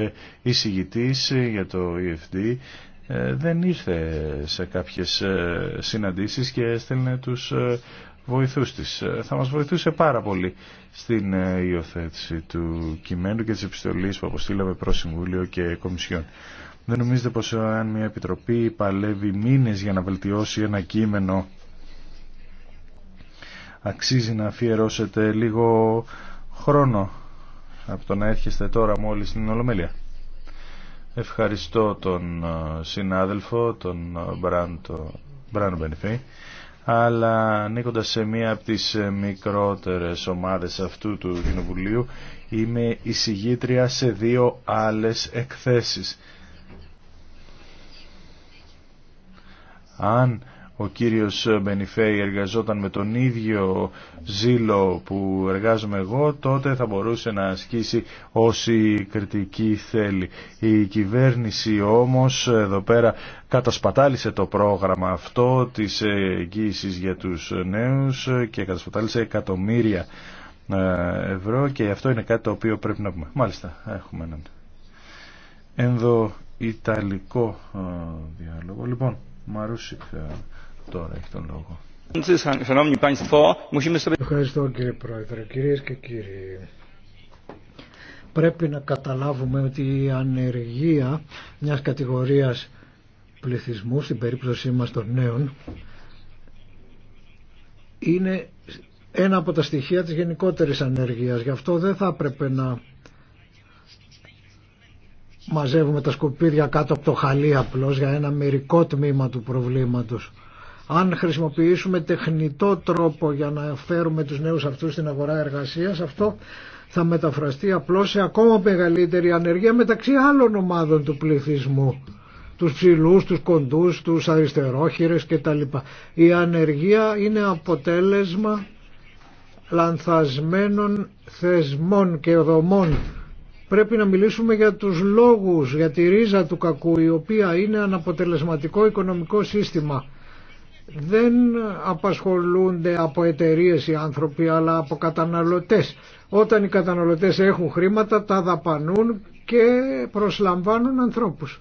εισηγητής για το EFD ε, δεν ήρθε σε κάποιες ε, συναντήσεις και έστελνε τους ε, βοηθούς της. Ε, θα μας βοηθούσε πάρα πολύ στην ε, υιοθέτηση του κειμένου και της επιστολής που αποστήλαμε προς Συμβούλιο και Κομισιόν. Δεν νομίζετε πως ε, αν μια επιτροπή παλεύει μήνες για να βελτιώσει ένα κείμενο αξίζει να αφιερώσετε λίγο χρόνο από το να έρχεστε τώρα μόλις στην Ολομέλεια. Ευχαριστώ τον συνάδελφο, τον Μπραντο Μπενιφέη αλλά ανήκοντας σε μία από τις ε, μικρότερες ομάδες αυτού του Κοινοβουλίου είμαι εισηγήτρια σε δύο άλλες εκθέσεις. Αν ο κύριος Μπενιφέη εργαζόταν με τον ίδιο ζήλο που εργάζομαι εγώ, τότε θα μπορούσε να ασκήσει όση κριτική θέλει. Η κυβέρνηση όμως εδώ πέρα κατασπατάλησε το πρόγραμμα αυτό της εγγύησης για τους νέους και κατασπατάλησε εκατομμύρια ε, ευρώ και αυτό είναι κάτι το οποίο πρέπει να πούμε. Μάλιστα, έχουμε έναν ενδοϊταλικό ε, διάλογο. Λοιπόν, Μαρούσικ ε, τώρα έχει τον λόγο. Ευχαριστώ κύριε Πρόεδρε. Κυρίε και κύριοι, πρέπει να καταλάβουμε ότι η ανεργία μια κατηγορία πληθυσμού, στην περίπτωσή μα των νέων, είναι ένα από τα στοιχεία της γενικότερης ανεργίας. Γι' αυτό δεν θα έπρεπε να μαζεύουμε τα σκουπίδια κάτω από το χαλί απλώς για ένα μερικό τμήμα του προβλήματος. Αν χρησιμοποιήσουμε τεχνητό τρόπο για να φέρουμε τους νέους αυτούς στην αγορά εργασίας, αυτό θα μεταφραστεί απλώς σε ακόμα μεγαλύτερη ανεργία μεταξύ άλλων ομάδων του πληθυσμού. Τους ψηλούς, τους κοντούς, τους αριστερόχειρες κτλ. Η ανεργία είναι αποτέλεσμα λανθασμένων θεσμών και δομών πρέπει να μιλήσουμε για τους λόγους, για τη ρίζα του κακού, η οποία είναι αναποτελεσματικό οικονομικό σύστημα. Δεν απασχολούνται από εταιρείε οι άνθρωποι, αλλά από καταναλωτές. Όταν οι καταναλωτές έχουν χρήματα, τα δαπανούν και προσλαμβάνουν ανθρώπους.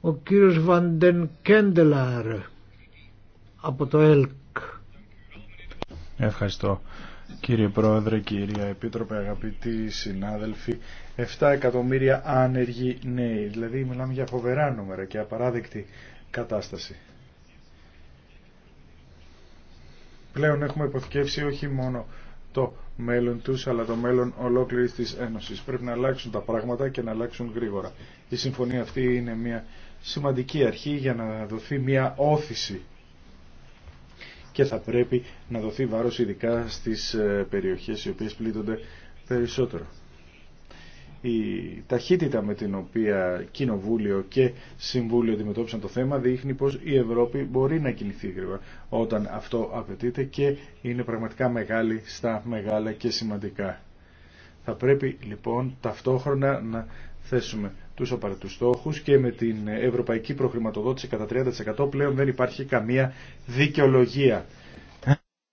Ο κύριος Βαντεν Κέντελαρ από το ΕΛΚ. Ευχαριστώ. Κύριε Πρόεδρε, κυρία Επίτροπε, αγαπητοί συνάδελφοι, 7 εκατομμύρια άνεργοι νέοι. Δηλαδή μιλάμε για φοβερά νούμερα και απαράδεκτη κατάσταση. Πλέον έχουμε υποθηκεύσει όχι μόνο το μέλλον τους, αλλά το μέλλον ολόκληρης της Ένωσης. Πρέπει να αλλάξουν τα πράγματα και να αλλάξουν γρήγορα. Η συμφωνία αυτή είναι μια σημαντική αρχή για να δοθεί μια όθηση και θα πρέπει να δοθεί βάρος ειδικά στις ε, περιοχές οι οποίες πλήττονται περισσότερο. Η ταχύτητα με την οποία Κοινοβούλιο και Συμβούλιο αντιμετώπισαν το θέμα δείχνει πως η Ευρώπη μπορεί να κινηθεί γρήγορα όταν αυτό απαιτείται και είναι πραγματικά μεγάλη στα μεγάλα και σημαντικά. Θα πρέπει λοιπόν ταυτόχρονα να θέσουμε τους απαραίτητους στόχους και με την ευρωπαϊκή προχρηματοδότηση κατά 30% πλέον δεν υπάρχει καμία δικαιολογία.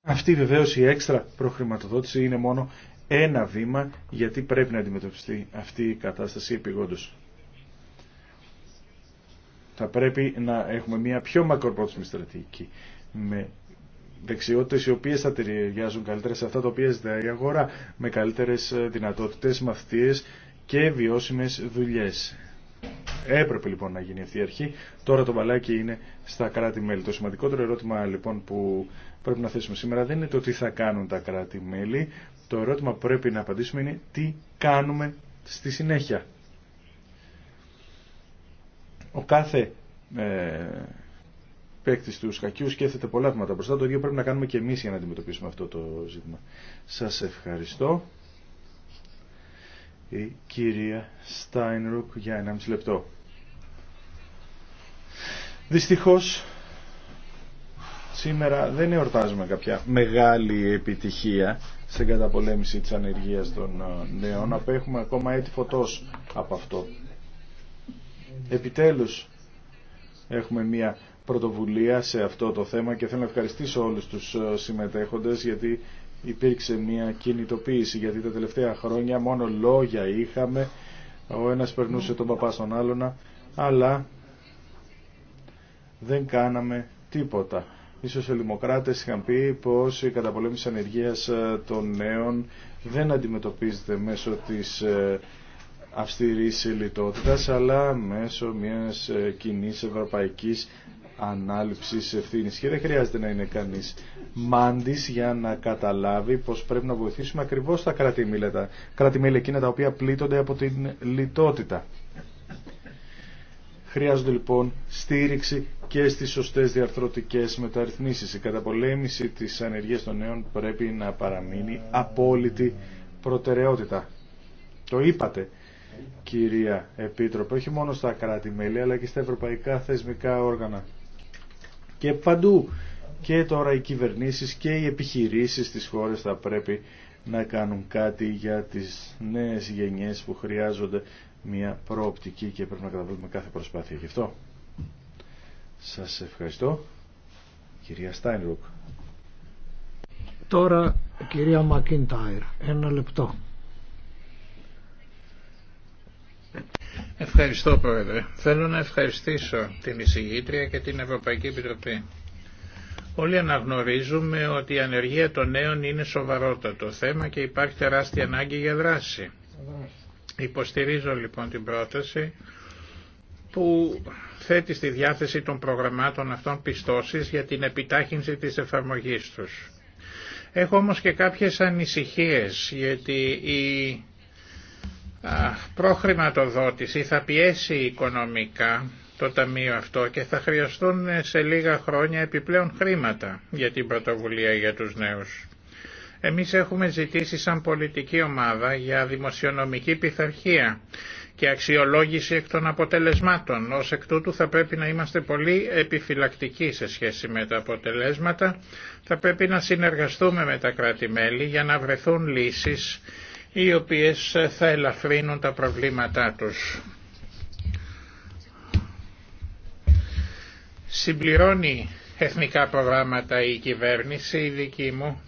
Αυτή βεβαίως η έξτρα προχρηματοδότηση είναι μόνο ένα βήμα γιατί πρέπει να αντιμετωπιστεί αυτή η κατάσταση επιγόντως. Θα πρέπει να έχουμε μια πιο μακροπρόθεσμη στρατηγική με δεξιότητες οι οποίες θα ταιριάζουν καλύτερα σε αυτά τα οποία ζητάει η αγορά, με καλύτερες δυνατότητες μαθητείες και βιώσιμε δουλειέ. Έπρεπε λοιπόν να γίνει αυτή η αρχή. Τώρα το μπαλάκι είναι στα κράτη-μέλη. Το σημαντικότερο ερώτημα λοιπόν που πρέπει να θέσουμε σήμερα δεν είναι το τι θα κάνουν τα κράτη-μέλη. Το ερώτημα που πρέπει να απαντήσουμε είναι τι κάνουμε στη συνέχεια. Ο κάθε ε, παίκτη του σκακιού σκέφτεται πολλά θέματα μπροστά. Το ίδιο πρέπει να κάνουμε και εμεί για να αντιμετωπίσουμε αυτό το ζήτημα. Σα ευχαριστώ η κυρία Στάινρουκ για 1,5 λεπτό. Δυστυχώς σήμερα δεν εορτάζουμε κάποια μεγάλη επιτυχία στην καταπολέμηση της ανεργίας των ε, νέων. Απέχουμε ακόμα έτη φωτός από αυτό. Επιτέλους έχουμε μια πρωτοβουλία σε αυτό το θέμα και θέλω να ευχαριστήσω όλους τους ε, συμμετέχοντες γιατί υπήρξε μια κινητοποίηση γιατί τα τελευταία χρόνια μόνο λόγια είχαμε ο ένας περνούσε τον παπά στον άλλον αλλά δεν κάναμε τίποτα. Οι σοσιαλδημοκράτες είχαν πει πως η καταπολέμηση ανεργίας ε, των νέων δεν αντιμετωπίζεται μέσω της ε, αυστηρής λιτότητας αλλά μέσω μιας ε, κοινής ευρωπαϊκής ανάληψης ευθύνης και δεν χρειάζεται να είναι κανείς μάντης για να καταλάβει πως πρέπει να βοηθήσουμε ακριβώς τα κράτη-μέλη εκείνα τα οποία πλήττονται από την λιτότητα. Χρειάζονται λοιπόν στήριξη και στις σωστές διαρθρωτικές μεταρρυθμίσεις. Η καταπολέμηση της ανεργίας των νέων πρέπει να παραμείνει απόλυτη προτεραιότητα. Το είπατε κυρία Επίτροπο, όχι μόνο στα κράτη-μέλη αλλά και στα ευρωπαϊκά θεσμικά όργανα και παντού. Και τώρα οι κυβερνήσεις και οι επιχειρήσεις της χώρας θα πρέπει να κάνουν κάτι για τις νέες γενιές που χρειάζονται μια προοπτική και πρέπει να καταβάλουμε κάθε προσπάθεια γι' αυτό. Σας ευχαριστώ. Κυρία Στάινρουκ. Τώρα κυρία Μακίντάιρ. Ένα λεπτό. Ευχαριστώ Πρόεδρε. Θέλω να ευχαριστήσω την εισηγήτρια και την Ευρωπαϊκή Επιτροπή. Όλοι αναγνωρίζουμε ότι η ανεργία των νέων είναι σοβαρότατο θέμα και υπάρχει τεράστια ανάγκη για δράση. Υποστηρίζω λοιπόν την πρόταση που θέτει στη διάθεση των προγραμμάτων αυτών πιστώσεις για την επιτάχυνση της εφαρμογής τους. Έχω όμως και κάποιες ανησυχίες γιατί η προχρηματοδότηση θα πιέσει οικονομικά το ταμείο αυτό και θα χρειαστούν ε, σε λίγα χρόνια επιπλέον χρήματα για την πρωτοβουλία για τους νέους. Εμείς έχουμε ζητήσει σαν πολιτική ομάδα για δημοσιονομική πειθαρχία και αξιολόγηση εκ των αποτελεσμάτων. Ως εκ τούτου θα πρέπει να είμαστε πολύ επιφυλακτικοί σε σχέση με τα αποτελέσματα. Θα πρέπει να συνεργαστούμε με τα κράτη-μέλη για να βρεθούν λύσεις οι οποίες θα ελαφρύνουν τα προβλήματά τους. Συμπληρώνει εθνικά προγράμματα η κυβέρνηση, η δική μου,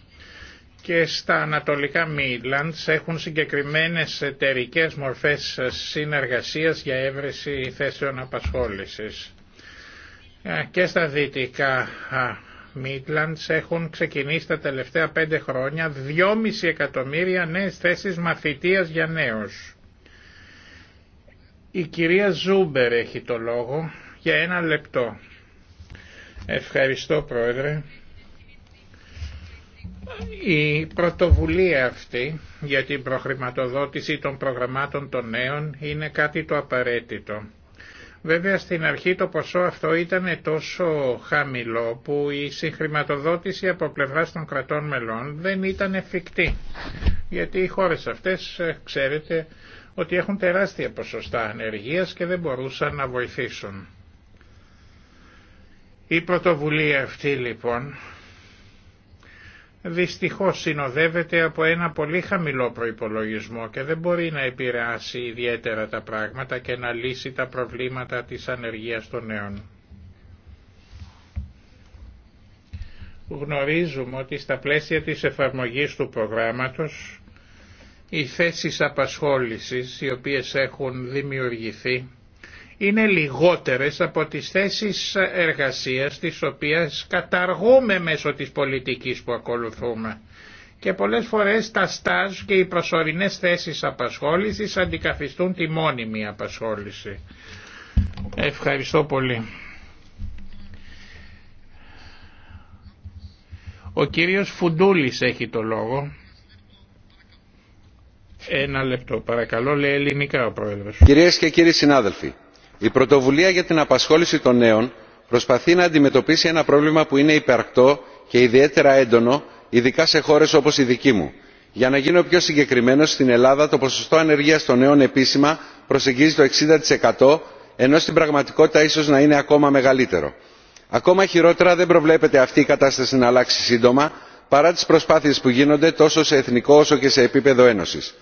και στα Ανατολικά Μίλαντς έχουν συγκεκριμένες εταιρικέ μορφές συνεργασίας για έβρεση θέσεων απασχόλησης. Ε, και στα Δυτικά Midlands έχουν ξεκινήσει τα τελευταία πέντε χρόνια 2,5 εκατομμύρια νέες θέσεις μαθητείας για νέους. Η κυρία Ζούμπερ έχει το λόγο για ένα λεπτό. Ευχαριστώ Πρόεδρε. Η πρωτοβουλία αυτή για την προχρηματοδότηση των προγραμμάτων των νέων είναι κάτι το απαραίτητο. Βέβαια στην αρχή το ποσό αυτό ήταν τόσο χαμηλό που η συγχρηματοδότηση από πλευρά των κρατών μελών δεν ήταν εφικτή. Γιατί οι χώρες αυτές ε, ξέρετε ότι έχουν τεράστια ποσοστά ανεργίας και δεν μπορούσαν να βοηθήσουν. Η πρωτοβουλία αυτή λοιπόν δυστυχώς συνοδεύεται από ένα πολύ χαμηλό προϋπολογισμό και δεν μπορεί να επηρεάσει ιδιαίτερα τα πράγματα και να λύσει τα προβλήματα της ανεργίας των νέων. Γνωρίζουμε ότι στα πλαίσια της εφαρμογής του προγράμματος οι θέσεις απασχόλησης οι οποίες έχουν δημιουργηθεί είναι λιγότερες από τις θέσεις εργασίας τις οποίες καταργούμε μέσω της πολιτικής που ακολουθούμε. Και πολλές φορές τα στάζ και οι προσωρινές θέσεις απασχόλησης αντικαθιστούν τη μόνιμη απασχόληση. Ευχαριστώ πολύ. Ο κύριος Φουντούλης έχει το λόγο. Ένα λεπτό παρακαλώ λέει ελληνικά ο πρόεδρος. Κυρίες και κύριοι συνάδελφοι η πρωτοβουλία για την απασχόληση των νέων προσπαθεί να αντιμετωπίσει ένα πρόβλημα που είναι υπαρκτό και ιδιαίτερα έντονο ειδικά σε χώρες όπως η δική μου. για να γίνω πιο συγκεκριμένος στην ελλάδα το ποσοστό ανεργίας των νέων επίσημα προσεγγίζει το 60% ενώ στην πραγματικότητα ίσως να είναι ακόμα μεγαλύτερο. ακόμα χειρότερα δεν προβλέπεται αυτή η κατάσταση να αλλάξει σύντομα παρά τις προσπάθειες που γίνονται τόσο σε εθνικό όσο και σε επίπεδο ένωσης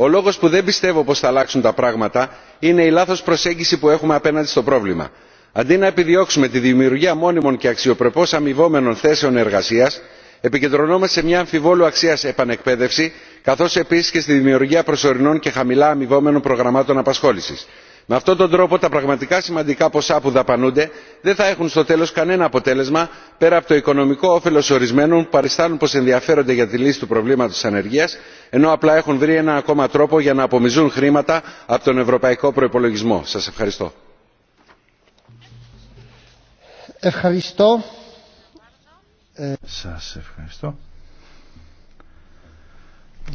ο λόγος που δεν πιστεύω πως θα αλλάξουν τα πράγματα είναι η λάθος προσέγγιση που έχουμε απέναντι στο πρόβλημα. αντί να επιδιώξουμε τη δημιουργία μόνιμων και αξιοπρεπώς αμοιβόμενων θέσεων εργασίας επικεντρωνόμαστε σε μια αμφιβόλου αξίας επανεκπαίδευση καθώς επίσης και στη δημιουργία προσωρινών και χαμηλά αμοιβόμενων προγραμμάτων απασχόλησης με αυτόν τον τρόπο τα πραγματικά σημαντικά ποσά που δαπανούνται δεν θα έχουν στο τέλος κανένα αποτέλεσμα πέρα από το οικονομικό όφελος ορισμένων που παριστάνουν πως ενδιαφέρονται για τη λύση του προβλήματος της ανεργίας ενώ απλά έχουν βρει ένα ακόμα τρόπο για να απομυζούν χρήματα από τον ευρωπαϊκό προϋπολογισμό. σας ευχαριστώ. ευχαριστώ. Ε, σας ευχαριστώ.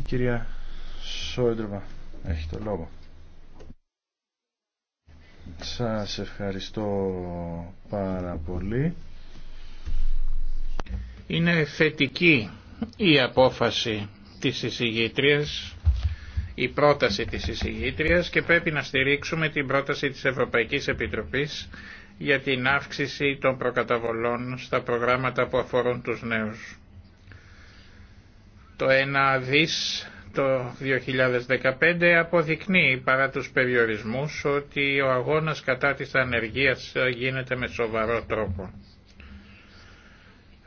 κυρία το σας ευχαριστώ πάρα πολύ. Είναι θετική η απόφαση της εισηγήτριας, η πρόταση της εισηγήτριας και πρέπει να στηρίξουμε την πρόταση της Ευρωπαϊκής Επιτροπής για την αύξηση των προκαταβολών στα προγράμματα που αφορούν τους νέους. Το ένα δις το 2015 αποδεικνύει παρά τους περιορισμούς ότι ο αγώνας κατά της ανεργίας γίνεται με σοβαρό τρόπο.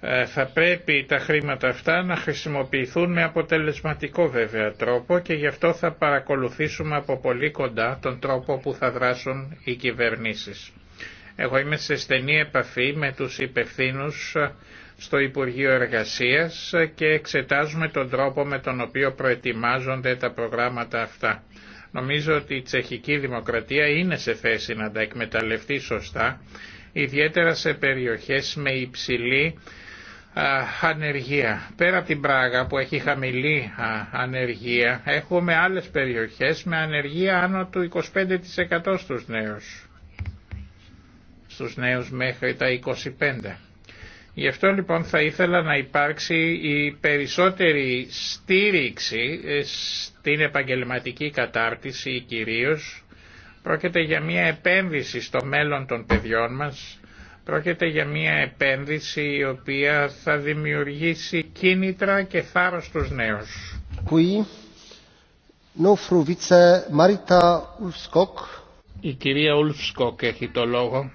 Ε, θα πρέπει τα χρήματα αυτά να χρησιμοποιηθούν με αποτελεσματικό βέβαια τρόπο και γι' αυτό θα παρακολουθήσουμε από πολύ κοντά τον τρόπο που θα δράσουν οι κυβερνήσεις. Εγώ είμαι σε στενή επαφή με τους υπευθύνους στο Υπουργείο Εργασίας και εξετάζουμε τον τρόπο με τον οποίο προετοιμάζονται τα προγράμματα αυτά. Νομίζω ότι η τσεχική δημοκρατία είναι σε θέση να τα εκμεταλλευτεί σωστά, ιδιαίτερα σε περιοχές με υψηλή ανεργία. Πέρα από την Πράγα που έχει χαμηλή ανεργία, έχουμε άλλες περιοχές με ανεργία άνω του 25% στους νέους. Στους νέους μέχρι τα 25%. Γι' αυτό λοιπόν θα ήθελα να υπάρξει η περισσότερη στήριξη ε, στην επαγγελματική κατάρτιση κυρίως. Πρόκειται για μια επένδυση στο μέλλον των παιδιών μας. Πρόκειται για μια επένδυση η οποία θα δημιουργήσει κίνητρα και θάρρος στους νέους. Η κυρία Ουλφσκοκ έχει το λόγο.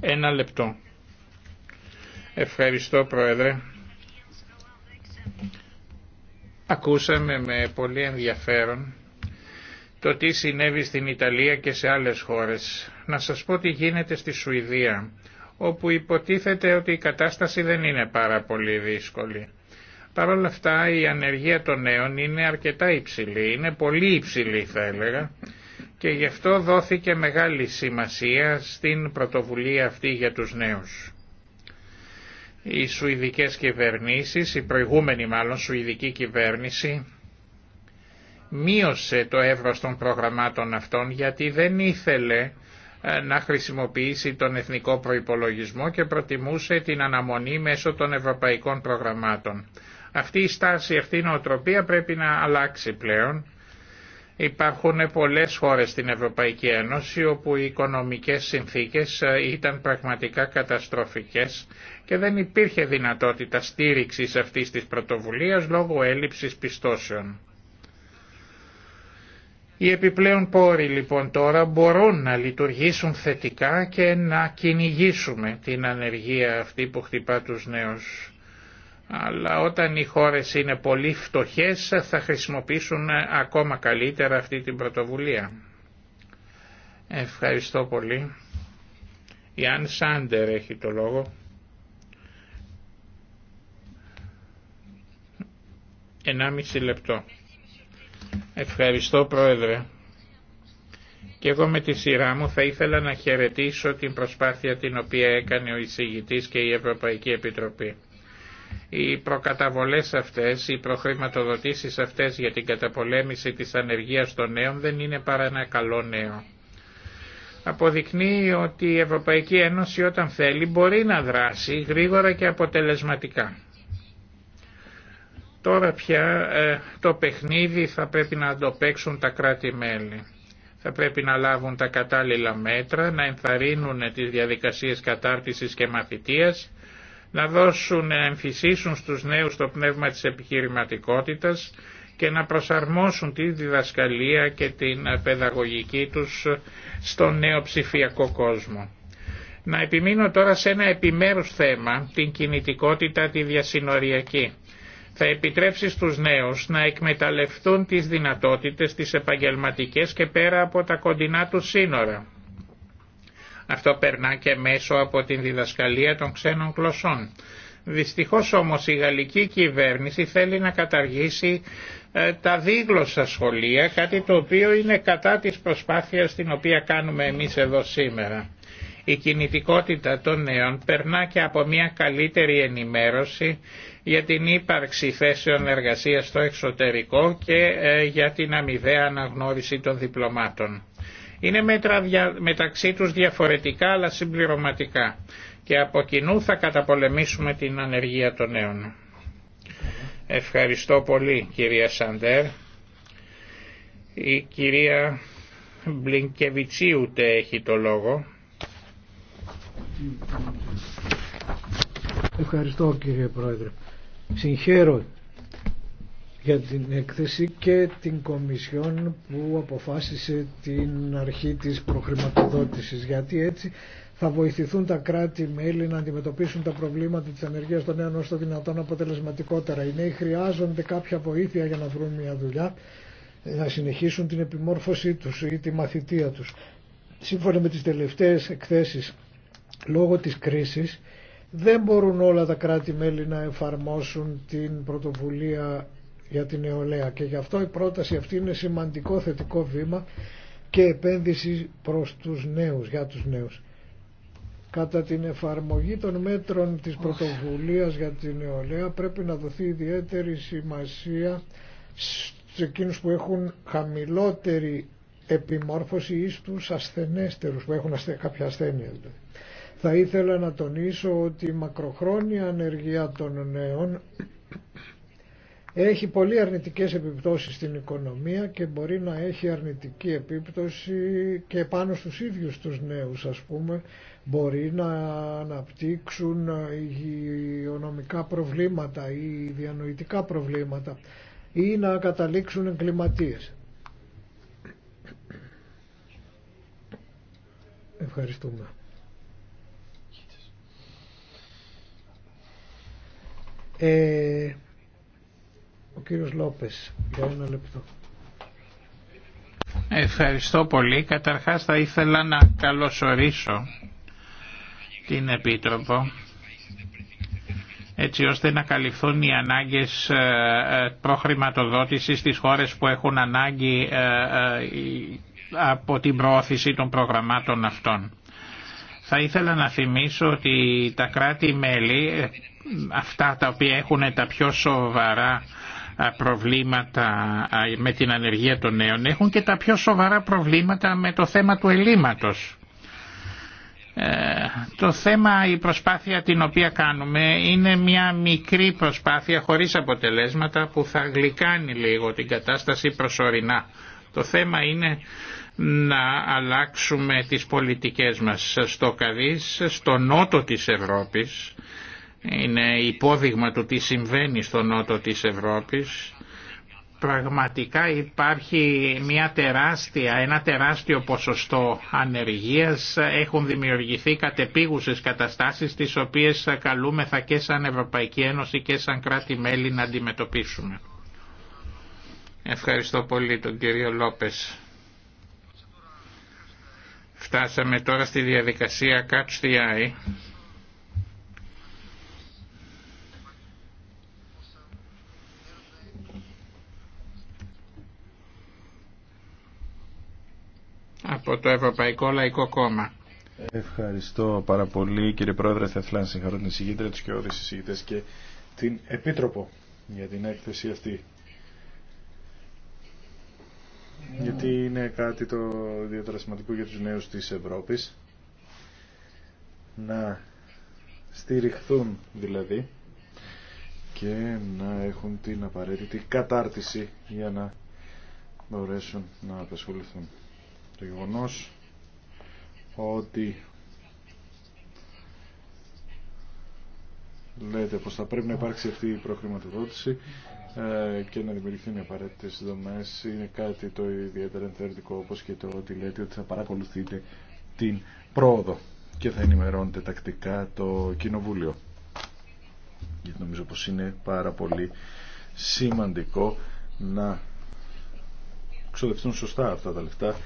Ένα λεπτό. Ευχαριστώ Πρόεδρε. Ακούσαμε με πολύ ενδιαφέρον το τι συνέβη στην Ιταλία και σε άλλες χώρες. Να σας πω τι γίνεται στη Σουηδία, όπου υποτίθεται ότι η κατάσταση δεν είναι πάρα πολύ δύσκολη. Παρ' όλα αυτά η ανεργία των νέων είναι αρκετά υψηλή, είναι πολύ υψηλή θα έλεγα και γι' αυτό δόθηκε μεγάλη σημασία στην πρωτοβουλία αυτή για τους νέους. Οι σουηδικές κυβερνήσεις, η προηγούμενη μάλλον σουηδική κυβέρνηση, μείωσε το εύρος των προγραμμάτων αυτών γιατί δεν ήθελε ε, να χρησιμοποιήσει τον εθνικό προϋπολογισμό και προτιμούσε την αναμονή μέσω των ευρωπαϊκών προγραμμάτων. Αυτή η στάση, αυτή η νοοτροπία πρέπει να αλλάξει πλέον Υπάρχουν πολλές χώρες στην Ευρωπαϊκή Ένωση όπου οι οικονομικές συνθήκες ε, ήταν πραγματικά καταστροφικές και δεν υπήρχε δυνατότητα στήριξης αυτής της πρωτοβουλίας λόγω έλλειψης πιστώσεων. Οι επιπλέον πόροι λοιπόν τώρα μπορούν να λειτουργήσουν θετικά και να κυνηγήσουμε την ανεργία αυτή που χτυπά τους νέους αλλά όταν οι χώρες είναι πολύ φτωχές θα χρησιμοποιήσουν ακόμα καλύτερα αυτή την πρωτοβουλία. Ευχαριστώ πολύ. Ιάν Σάντερ έχει το λόγο. Ενάμιση λεπτό. Ευχαριστώ Πρόεδρε. Και εγώ με τη σειρά μου θα ήθελα να χαιρετήσω την προσπάθεια την οποία έκανε ο εισηγητής και η Ευρωπαϊκή Επιτροπή. Οι προκαταβολές αυτές, οι προχρηματοδοτήσεις αυτές για την καταπολέμηση της ανεργίας των νέων δεν είναι παρά ένα καλό νέο. Αποδεικνύει ότι η Ευρωπαϊκή Ένωση όταν θέλει μπορεί να δράσει γρήγορα και αποτελεσματικά. Τώρα πια ε, το παιχνίδι θα πρέπει να το παίξουν τα κράτη-μέλη. Θα πρέπει να λάβουν τα κατάλληλα μέτρα, να ενθαρρύνουν τις διαδικασίες κατάρτισης και μαθητείας να δώσουν, να εμφυσίσουν στους νέους το πνεύμα της επιχειρηματικότητας και να προσαρμόσουν τη διδασκαλία και την παιδαγωγική τους στον νέο ψηφιακό κόσμο. Να επιμείνω τώρα σε ένα επιμέρους θέμα, την κινητικότητα τη διασυνοριακή. Θα επιτρέψει στους νέους να εκμεταλλευτούν τις δυνατότητες τις επαγγελματικές και πέρα από τα κοντινά του σύνορα αυτό περνά και μέσω από την διδασκαλία των ξένων γλωσσών. Δυστυχώς όμως η γαλλική κυβέρνηση θέλει να καταργήσει ε, τα δίγλωσσα σχολεία, κάτι το οποίο είναι κατά της προσπάθειας την οποία κάνουμε εμείς εδώ σήμερα. Η κινητικότητα των νέων περνά και από μια καλύτερη ενημέρωση για την ύπαρξη θέσεων εργασίας στο εξωτερικό και ε, για την αμοιβαία αναγνώριση των διπλωμάτων. Είναι μέτρα μεταξύ τους διαφορετικά αλλά συμπληρωματικά και από κοινού θα καταπολεμήσουμε την ανεργία των νέων. Ευχαριστώ πολύ κυρία Σαντέρ. Η κυρία Μπλινκεβιτσίουτε έχει το λόγο. Ευχαριστώ κύριε Πρόεδρε. Συγχαίρω για την έκθεση και την Κομισιόν που αποφάσισε την αρχή της προχρηματοδότησης γιατί έτσι θα βοηθηθούν τα κράτη-μέλη να αντιμετωπίσουν τα προβλήματα της ανεργίας των νέων όσο δυνατόν αποτελεσματικότερα. Οι νέοι χρειάζονται κάποια βοήθεια για να βρουν μια δουλειά, να συνεχίσουν την επιμόρφωσή τους ή τη μαθητεία τους. Σύμφωνα με τις τελευταίες εκθέσεις, λόγω της κρίσης, δεν μπορούν όλα τα κράτη-μέλη να εφαρμόσουν την πρωτοβουλία για την νεολαία και γι' αυτό η πρόταση αυτή είναι σημαντικό θετικό βήμα και επένδυση προς τους νέους, για τους νέους. Κατά την εφαρμογή των μέτρων της πρωτοβουλίας για την νεολαία πρέπει να δοθεί ιδιαίτερη σημασία σε εκείνους που έχουν χαμηλότερη επιμόρφωση ή στους ασθενέστερους που έχουν κάποια ασθένεια. Δηλαδή. Θα ήθελα να τονίσω ότι η μακροχρόνια ανεργία των νέων έχει πολύ αρνητικές επιπτώσεις στην οικονομία και μπορεί να έχει αρνητική επίπτωση και πάνω στους ίδιους τους νέους ας πούμε μπορεί να αναπτύξουν υγειονομικά προβλήματα ή διανοητικά προβλήματα ή να καταλήξουν εγκληματίες. Ευχαριστούμε. Ε, ο κύριος Λόπες, για ένα λεπτό. Ευχαριστώ πολύ. Καταρχάς θα ήθελα να καλωσορίσω την Επίτροπο έτσι ώστε να καλυφθούν οι ανάγκες ε, ε, προχρηματοδότησης στις χώρες που έχουν ανάγκη ε, από την προώθηση των προγραμμάτων αυτών. Θα ήθελα να θυμίσω ότι τα κράτη-μέλη, αυτά τα οποία έχουν τα πιο σοβαρά προβλήματα με την ανεργία των νέων, έχουν και τα πιο σοβαρά προβλήματα με το θέμα του ελλείμματος. Ε, το θέμα, η προσπάθεια την οποία κάνουμε είναι μια μικρή προσπάθεια χωρίς αποτελέσματα που θα γλυκάνει λίγο την κατάσταση προσωρινά. Το θέμα είναι να αλλάξουμε τις πολιτικές μας στο Καδίς, στο νότο της Ευρώπης, είναι υπόδειγμα του τι συμβαίνει στο νότο της Ευρώπης. Πραγματικά υπάρχει μια τεράστια, ένα τεράστιο ποσοστό ανεργίας. Έχουν δημιουργηθεί κατεπίγουσες καταστάσεις τις οποίες καλούμεθα και σαν Ευρωπαϊκή Ένωση και σαν κράτη-μέλη να αντιμετωπίσουμε. Ευχαριστώ πολύ τον κύριο Λόπες. Φτάσαμε τώρα στη διαδικασία Catch από το Ευρωπαϊκό Λαϊκό Κόμμα. Ευχαριστώ πάρα πολύ κύριε Πρόεδρε. Θα ήθελα να συγχαρώ την εισηγήτρια, του και τις εισηγητές και την Επίτροπο για την έκθεση αυτή. Γιατί είναι κάτι το ιδιαίτερα σημαντικό για τους νέους της Ευρώπης να στηριχθούν δηλαδή και να έχουν την απαραίτητη κατάρτιση για να μπορέσουν να απασχοληθούν το γεγονός ότι λέτε πως θα πρέπει να υπάρξει αυτή η προχρηματοδότηση ε, και να δημιουργηθούν οι απαραίτητε δομέ είναι κάτι το ιδιαίτερα ενθαρρυντικό όπως και το ότι λέτε ότι θα παρακολουθείτε την πρόοδο και θα ενημερώνετε τακτικά το Κοινοβούλιο. Γιατί νομίζω πως είναι πάρα πολύ σημαντικό να ξοδευτούν σωστά αυτά τα λεφτά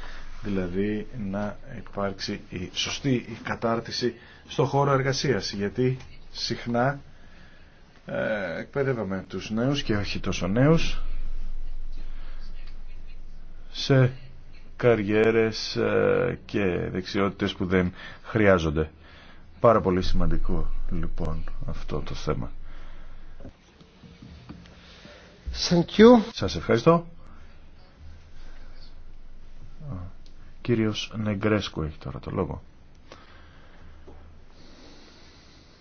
δηλαδή να υπάρξει η σωστή η κατάρτιση στο χώρο εργασίας γιατί συχνά ε, εκπαιδεύαμε τους νέους και όχι τόσο νέους σε καριέρες ε, και δεξιότητες που δεν χρειάζονται. Πάρα πολύ σημαντικό λοιπόν αυτό το θέμα. Thank you. Σας ευχαριστώ. κύριος Νεγκρέσκου έχει τώρα το λόγο.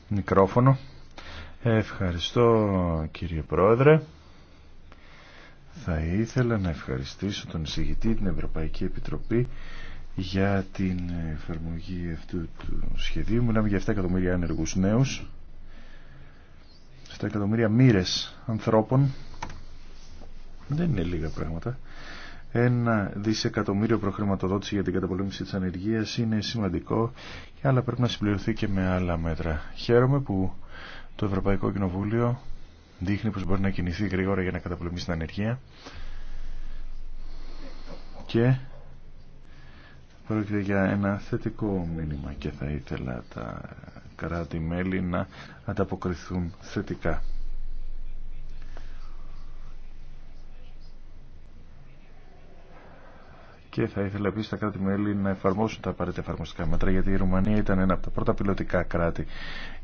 Μικρόφωνο. Ευχαριστώ κύριε Πρόεδρε. Θα ήθελα να ευχαριστήσω τον εισηγητή την Ευρωπαϊκή Επιτροπή για την εφαρμογή αυτού του σχεδίου. Μιλάμε για 7 εκατομμύρια ένεργους νέους, 7 εκατομμύρια μοίρες ανθρώπων. Δεν είναι λίγα πράγματα. Ένα δισεκατομμύριο προχρηματοδότηση για την καταπολέμηση της ανεργίας είναι σημαντικό, αλλά πρέπει να συμπληρωθεί και με άλλα μέτρα. Χαίρομαι που το Ευρωπαϊκό Κοινοβούλιο δείχνει πως μπορεί να κινηθεί γρήγορα για να καταπολεμήσει την ανεργία και πρόκειται για ένα θετικό μήνυμα και θα ήθελα τα κράτη-μέλη να ανταποκριθούν θετικά. και θα ήθελα επίση τα κράτη-μέλη να εφαρμόσουν τα απαραίτητα εφαρμοστικά μέτρα γιατί η Ρουμανία ήταν ένα από τα πρώτα πιλωτικά κράτη.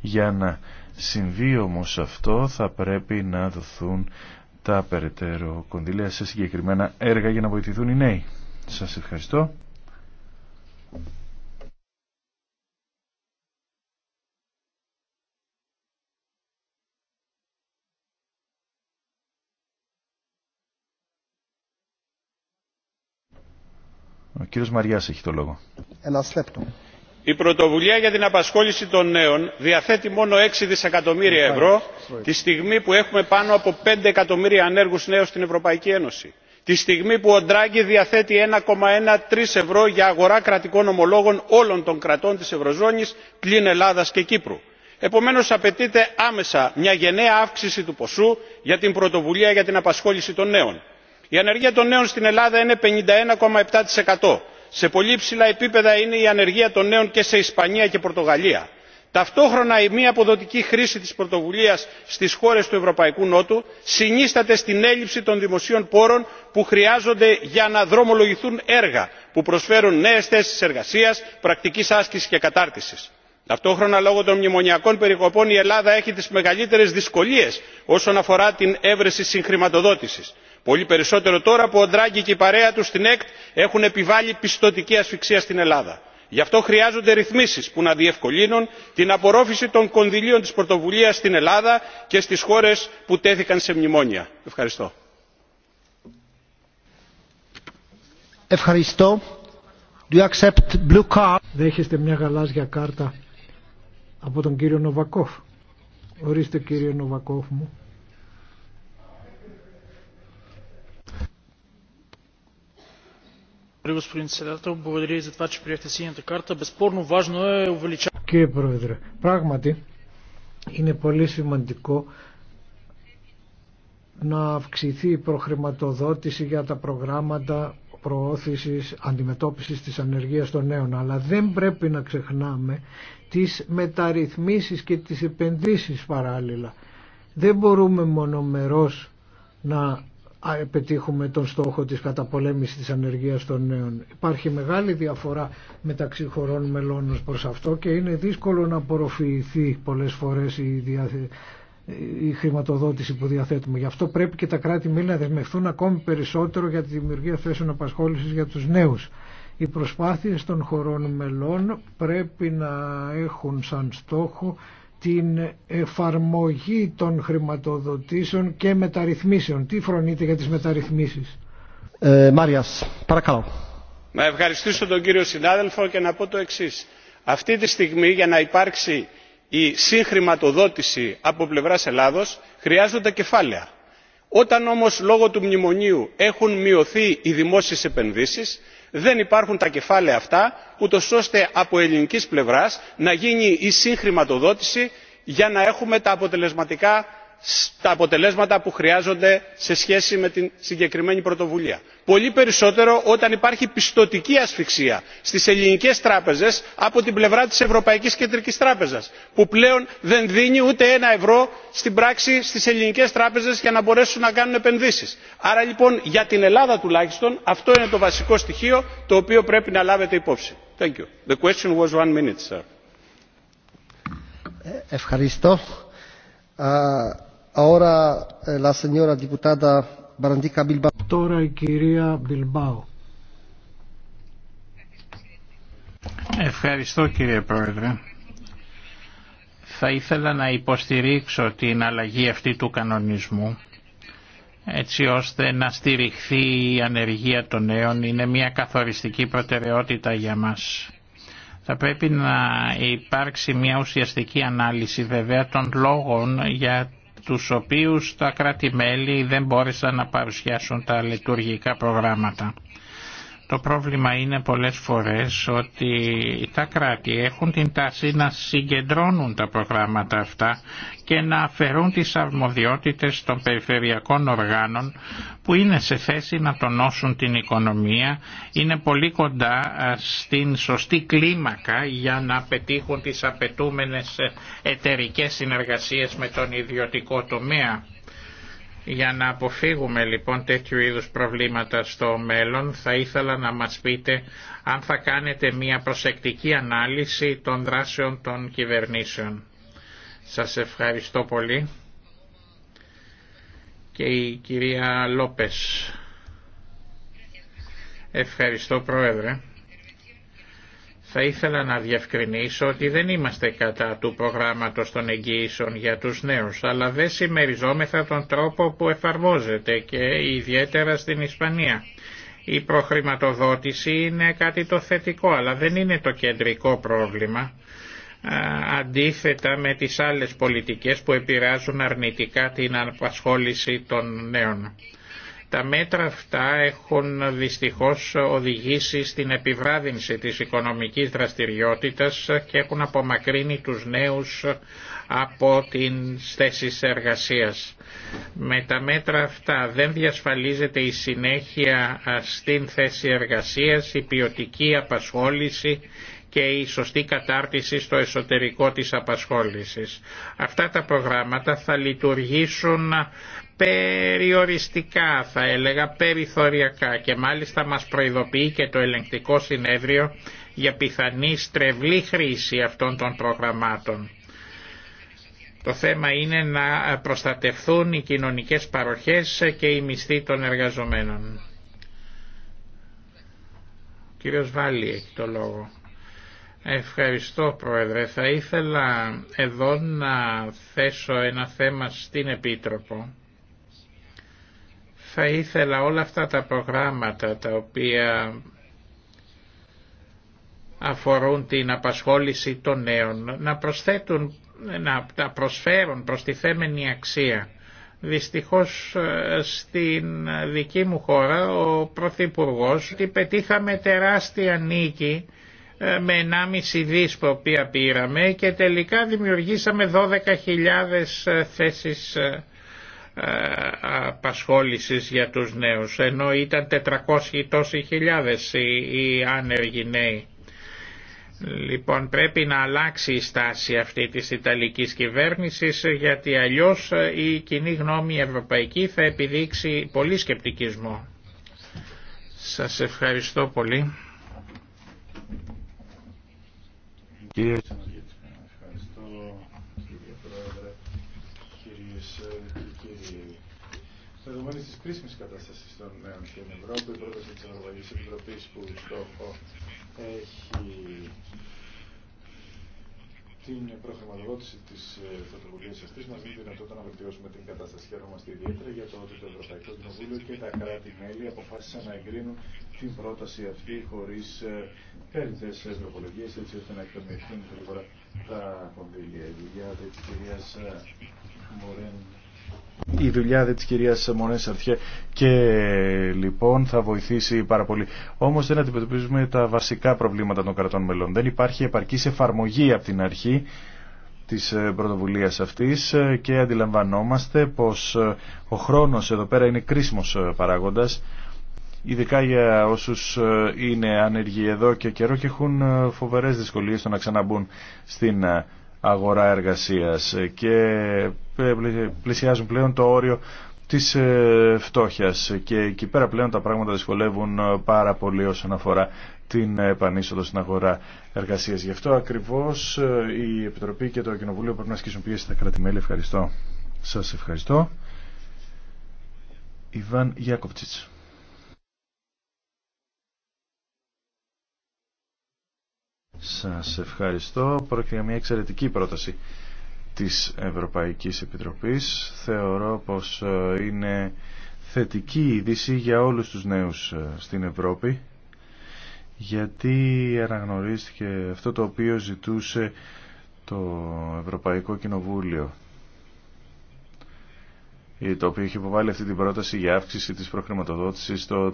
Για να συμβεί όμω αυτό θα πρέπει να δοθούν τα περαιτέρω κονδυλία σε συγκεκριμένα έργα για να βοηθηθούν οι νέοι. Σας ευχαριστώ. Ο κύριος Μαριάς έχει το λόγο. Η πρωτοβουλία για την απασχόληση των νέων διαθέτει μόνο 6 δισεκατομμύρια ευρώ τη στιγμή που έχουμε πάνω από 5 εκατομμύρια ανέργους νέους στην Ευρωπαϊκή Ένωση. Τη στιγμή που ο Ντράγκη διαθέτει 1,13 ευρώ για αγορά κρατικών ομολόγων όλων των κρατών της Ευρωζώνης πλην Ελλάδας και Κύπρου. Επομένως απαιτείται άμεσα μια γενναία αύξηση του ποσού για την πρωτοβουλία για την απασχόληση των νέων η ανεργία των νέων στην ελλάδα είναι 51,7 σε πολύ υψηλά επίπεδα είναι η ανεργία των νέων και σε ισπανία και πορτογαλία. ταυτόχρονα η μη αποδοτική χρήση της πρωτοβουλίας στις χώρες του ευρωπαϊκού νότου συνίσταται στην έλλειψη των δημοσίων πόρων που χρειάζονται για να δρομολογηθούν έργα που προσφέρουν νέες θέσεις εργασίας πρακτικής άσκησης και κατάρτισης. ταυτόχρονα λόγω των μνημονιακών περικοπών η ελλάδα έχει τις μεγαλύτερες δυσκολίες όσον αφορά την έβρεση συγχρηματοδότησης πολύ περισσότερο τώρα που ο ντράγκη και η παρέα του στην ΕΚΤ έχουν επιβάλει πιστωτική ασφυξία στην ελλάδα. γι' αυτό χρειάζονται ρυθμίσεις που να διευκολύνουν την απορρόφηση των κονδυλίων της πρωτοβουλίας στην ελλάδα και στις χώρες που τέθηκαν σε μνημόνια. ευχαριστώ. ευχαριστώ. Do accept blue card? Δέχεστε μια γαλάζια κάρτα από τον κύριο Νοβακόφ. Ορίστε κύριε Νοβακόφ μου. господин Благодаря и за това, че приехте карта. важно е Κύριε Πρόεδρε, πράγματι είναι πολύ σημαντικό να αυξηθεί η προχρηματοδότηση για τα προγράμματα προώθησης, αντιμετώπισης της ανεργίας των νέων. Αλλά δεν πρέπει να ξεχνάμε τις μεταρρυθμίσεις και τις επενδύσεις παράλληλα. Δεν μπορούμε μονομερός να πετύχουμε τον στόχο της καταπολέμησης της ανεργίας των νέων. Υπάρχει μεγάλη διαφορά μεταξύ χωρών μελών προς αυτό και είναι δύσκολο να απορροφηθεί πολλές φορές η, διαθε... η χρηματοδότηση που διαθέτουμε. Γι' αυτό πρέπει και τα κράτη-μέλη να δεσμευθούν ακόμη περισσότερο για τη δημιουργία θέσεων απασχόλησης για τους νέους. Οι προσπάθειες των χωρών μελών πρέπει να έχουν σαν στόχο την εφαρμογή των χρηματοδοτήσεων και μεταρρυθμίσεων. Τι φρονείτε για τις μεταρρυθμίσεις. Ε, Μάριας, παρακαλώ. Να ευχαριστήσω τον κύριο συνάδελφο και να πω το εξής. Αυτή τη στιγμή για να υπάρξει η συγχρηματοδότηση από πλευράς Ελλάδος χρειάζονται κεφάλαια. Όταν όμως λόγω του μνημονίου έχουν μειωθεί οι δημόσιες επενδύσεις δεν υπάρχουν τα κεφάλαια αυτά ούτως ώστε από ελληνικής πλευράς να γίνει η συγχρηματοδότηση για να έχουμε τα αποτελεσματικά τα αποτελέσματα που χρειάζονται σε σχέση με την συγκεκριμένη πρωτοβουλία. πολύ περισσότερο όταν υπάρχει πιστωτική ασφυξία στις ελληνικές τράπεζες από την πλευρά της ευρωπαϊκής κεντρικής τράπεζας που πλέον δεν δίνει ούτε ένα ευρώ στην πράξη στις ελληνικές τράπεζες για να μπορέσουν να κάνουν επενδύσεις. άρα λοιπόν για την ελλάδα τουλάχιστον αυτό είναι το βασικό στοιχείο το οποίο πρέπει να λάβετε υπόψη. Ευχαριστώ. Eh, Τώρα η κυρία Μπιλμπάου. Ευχαριστώ κύριε Πρόεδρε. Θα ήθελα να υποστηρίξω την αλλαγή αυτή του κανονισμού έτσι ώστε να στηριχθεί η ανεργία των νέων είναι μια καθοριστική προτεραιότητα για μας. Θα πρέπει να υπάρξει μια ουσιαστική ανάλυση βέβαια των λόγων για τους οποίους τα κράτη-μέλη δεν μπόρεσαν να παρουσιάσουν τα λειτουργικά προγράμματα. Το πρόβλημα είναι πολλές φορές ότι τα κράτη έχουν την τάση να συγκεντρώνουν τα προγράμματα αυτά και να αφαιρούν τις αρμοδιότητες των περιφερειακών οργάνων που είναι σε θέση να τονώσουν την οικονομία, είναι πολύ κοντά στην σωστή κλίμακα για να πετύχουν τις απαιτούμενες εταιρικές συνεργασίες με τον ιδιωτικό τομέα. Για να αποφύγουμε λοιπόν τέτοιου είδους προβλήματα στο μέλλον θα ήθελα να μας πείτε αν θα κάνετε μια προσεκτική ανάλυση των δράσεων των κυβερνήσεων. Σας ευχαριστώ πολύ. Και η κυρία Λόπες. Ευχαριστώ Πρόεδρε. Θα ήθελα να διευκρινίσω ότι δεν είμαστε κατά του προγράμματος των εγγύησεων για τους νέους, αλλά δεν συμμεριζόμεθα τον τρόπο που εφαρμόζεται και ιδιαίτερα στην Ισπανία. Η προχρηματοδότηση είναι κάτι το θετικό, αλλά δεν είναι το κεντρικό πρόβλημα αντίθετα με τις άλλες πολιτικές που επηρεάζουν αρνητικά την απασχόληση των νέων. Τα μέτρα αυτά έχουν δυστυχώς οδηγήσει στην επιβράδυνση της οικονομικής δραστηριότητας και έχουν απομακρύνει τους νέους από την θέση εργασίας. Με τα μέτρα αυτά δεν διασφαλίζεται η συνέχεια στην θέση εργασίας, η ποιοτική απασχόληση και η σωστή κατάρτιση στο εσωτερικό της απασχόλησης. Αυτά τα προγράμματα θα λειτουργήσουν περιοριστικά θα έλεγα, περιθωριακά και μάλιστα μας προειδοποιεί και το ελεγκτικό συνέδριο για πιθανή στρεβλή χρήση αυτών των προγραμμάτων. Το θέμα είναι να προστατευθούν οι κοινωνικές παροχές και οι μισθοί των εργαζομένων. Ο κύριος Βάλλη έχει το λόγο. Ευχαριστώ Πρόεδρε. Θα ήθελα εδώ να θέσω ένα θέμα στην Επίτροπο. Θα ήθελα όλα αυτά τα προγράμματα τα οποία αφορούν την απασχόληση των νέων να προσθέτουν, να τα προσφέρουν θέμενη αξία. Δυστυχώς ε, στην δική μου χώρα ο Πρωθυπουργός ότι πετύχαμε τεράστια νίκη ε, με 1,5 δις που οποία πήραμε και τελικά δημιουργήσαμε 12.000 ε, θέσεις ε, απασχόλησης για τους νέους ενώ ήταν 400 τόσοι χιλιάδες οι άνεργοι νέοι. Λοιπόν πρέπει να αλλάξει η στάση αυτή της Ιταλικής κυβέρνησης γιατί αλλιώς η κοινή γνώμη ευρωπαϊκή θα επιδείξει πολύ σκεπτικισμό. Σας ευχαριστώ πολύ. Κύριε... Ευχαριστώ κύριε Πρόεδρε, κύριε και κύριοι. Δεδομένη τη κρίσιμη κατάσταση των νέων στην Ευρώπη, η πρόταση τη Ευρωπαϊκή Επιτροπή που στόχο έχει την προχρηματοδότηση τη ε, πρωτοβουλία αυτή μα δίνει δυνατότητα να βελτιώσουμε την κατάσταση. Χαίρομαστε ιδιαίτερα για το ότι το Ευρωπαϊκό Κοινοβούλιο και τα κράτη-μέλη αποφάσισαν να εγκρίνουν την πρόταση αυτή χωρί ε, παίρντε τροπολογίε, έτσι ώστε να εκτομιευθούν γρήγορα τα κονδύλια. Η κυρία ε, η δουλειά της κυρίας Μονές Αρτιέ και λοιπόν θα βοηθήσει πάρα πολύ. Όμως δεν αντιμετωπίζουμε τα βασικά προβλήματα των κρατών μελών. Δεν υπάρχει επαρκής εφαρμογή από την αρχή της ε, πρωτοβουλίας αυτής ε, και αντιλαμβανόμαστε πως ε, ο χρόνος εδώ πέρα είναι κρίσιμος παράγοντας ειδικά για όσους είναι ανεργοί εδώ και καιρό και έχουν φοβερές δυσκολίες στο να ξαναμπούν στην αγορά εργασίας και ε, πλησιάζουν πλέον το όριο της ε, φτώχειας και εκεί πέρα πλέον τα πράγματα δυσκολεύουν ε, πάρα πολύ όσον αφορά την επανείσοδο στην αγορά εργασίας. Γι' αυτό ακριβώς η Επιτροπή και το Κοινοβούλιο πρέπει να ασκήσουν πίεση στα κρατη Ευχαριστώ. Σας ευχαριστώ. Ιβάν Γιάκοβτσιτς. Σας ευχαριστώ. Πρόκειται για μια εξαιρετική πρόταση της Ευρωπαϊκής Επιτροπής. Θεωρώ πως ε, είναι θετική είδηση για όλους τους νέους ε, στην Ευρώπη γιατί αναγνωρίστηκε αυτό το οποίο ζητούσε το Ευρωπαϊκό Κοινοβούλιο το οποίο έχει υποβάλει αυτή την πρόταση για αύξηση της προχρηματοδότησης στο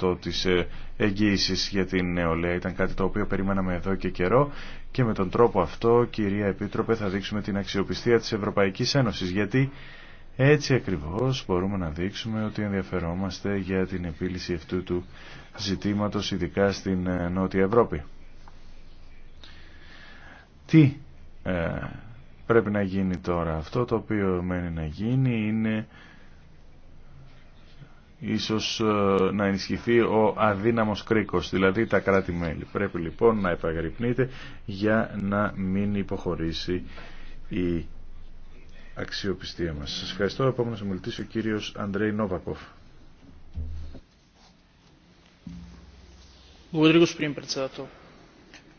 33% της ε, εγγύησης για την νεολαία. Ήταν κάτι το οποίο περιμέναμε εδώ και καιρό και με τον τρόπο αυτό, κυρία Επίτροπε, θα δείξουμε την αξιοπιστία της Ευρωπαϊκής Ένωσης γιατί έτσι ακριβώς μπορούμε να δείξουμε ότι ενδιαφερόμαστε για την επίλυση αυτού του ζητήματος, ειδικά στην ε, Νότια Ευρώπη. Τι ε, πρέπει να γίνει τώρα. Αυτό το οποίο μένει να γίνει είναι ίσως ε, να ενισχυθεί ο αδύναμος κρίκος, δηλαδή τα κράτη-μέλη. Πρέπει λοιπόν να επαγρυπνείτε για να μην υποχωρήσει η αξιοπιστία μας. Σας ευχαριστώ. Επόμενος ομιλητής ο κύριος Αντρέι Νόβακοφ. Благодаря, господин председател.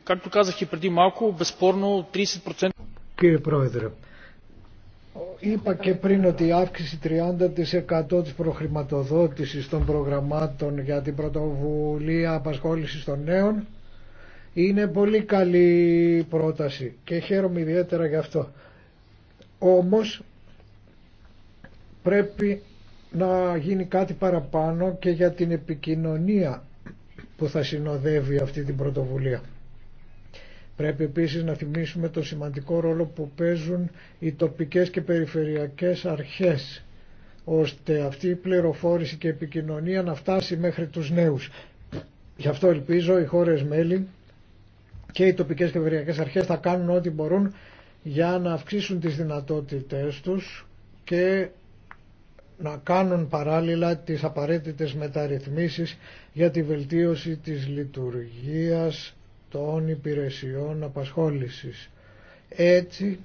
Както казах и преди малко, безспорно 30%... Κύριε Πρόεδρε, είπα και πριν ότι η αύξηση 30% της προχρηματοδότησης των προγραμμάτων για την πρωτοβουλία απασχόλησης των νέων είναι πολύ καλή πρόταση και χαίρομαι ιδιαίτερα γι' αυτό. Όμως πρέπει να γίνει κάτι παραπάνω και για την επικοινωνία που θα συνοδεύει αυτή την πρωτοβουλία. Πρέπει επίσης να θυμίσουμε το σημαντικό ρόλο που παίζουν οι τοπικές και περιφερειακές αρχές ώστε αυτή η πληροφόρηση και η επικοινωνία να φτάσει μέχρι τους νέους. Γι' αυτό ελπίζω οι χώρες μέλη και οι τοπικές και περιφερειακές αρχές θα κάνουν ό,τι μπορούν για να αυξήσουν τις δυνατότητες τους και να κάνουν παράλληλα τις απαραίτητες μεταρρυθμίσεις για τη βελτίωση της λειτουργίας των υπηρεσιών απασχόλησης. Έτσι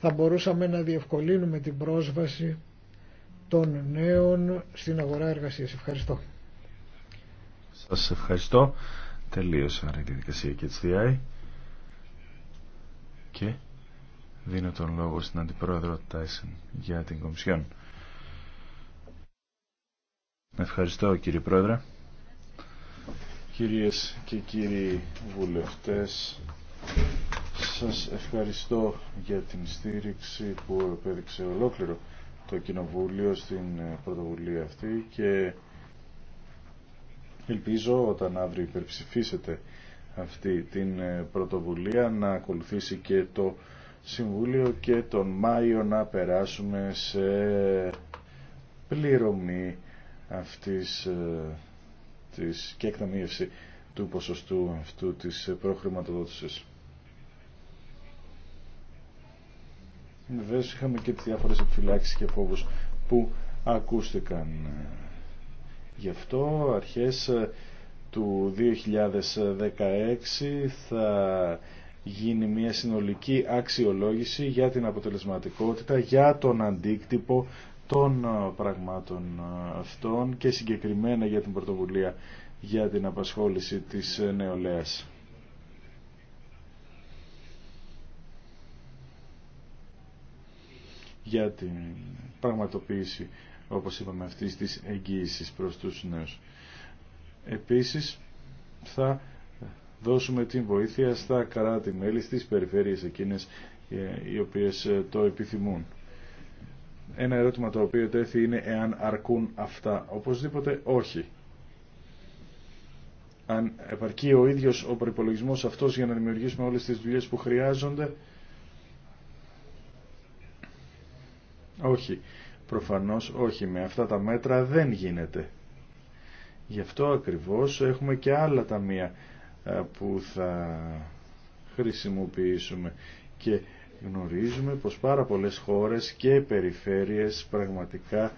θα μπορούσαμε να διευκολύνουμε την πρόσβαση των νέων στην αγορά εργασίας. Ευχαριστώ. Σας ευχαριστώ. Τελείωσε η διαδικασία και της Και δίνω τον λόγο στην Αντιπρόεδρο Τάισεν για την Κομισιόν. Ευχαριστώ κύριε Πρόεδρε. Κυρίες και κύριοι βουλευτές, σας ευχαριστώ για την στήριξη που επέδειξε ολόκληρο το Κοινοβούλιο στην ε, πρωτοβουλία αυτή και ελπίζω όταν αύριο υπερψηφίσετε αυτή την ε, πρωτοβουλία να ακολουθήσει και το Συμβούλιο και τον Μάιο να περάσουμε σε πληρωμή αυτής ε, της, και εκταμείευση του ποσοστού αυτού της προχρηματοδότησης. Βεβαίως είχαμε και τις διάφορες επιφυλάξεις και φόβους που ακούστηκαν. Γι' αυτό αρχές ε, του 2016 θα γίνει μια συνολική αξιολόγηση για την αποτελεσματικότητα, για τον αντίκτυπο των ε, πραγμάτων ε, αυτών και συγκεκριμένα για την πρωτοβουλία για την απασχόληση της ε, νεολαίας. για την πραγματοποίηση, όπως είπαμε, αυτής της εγγύησης προς τους νέους. Επίσης, θα δώσουμε την βοήθεια στα κράτη-μέλη στις περιφέρειες εκείνες οι οποίες το επιθυμούν. Ένα ερώτημα το οποίο τέθη είναι εάν αρκούν αυτά. Οπωσδήποτε όχι. Αν επαρκεί ο ίδιος ο προϋπολογισμός αυτός για να δημιουργήσουμε όλες τις δουλειές που χρειάζονται, όχι. Προφανώς όχι. Με αυτά τα μέτρα δεν γίνεται. Γι' αυτό ακριβώς έχουμε και άλλα ταμεία ε, που θα χρησιμοποιήσουμε και γνωρίζουμε πως πάρα πολλές χώρες και περιφέρειες πραγματικά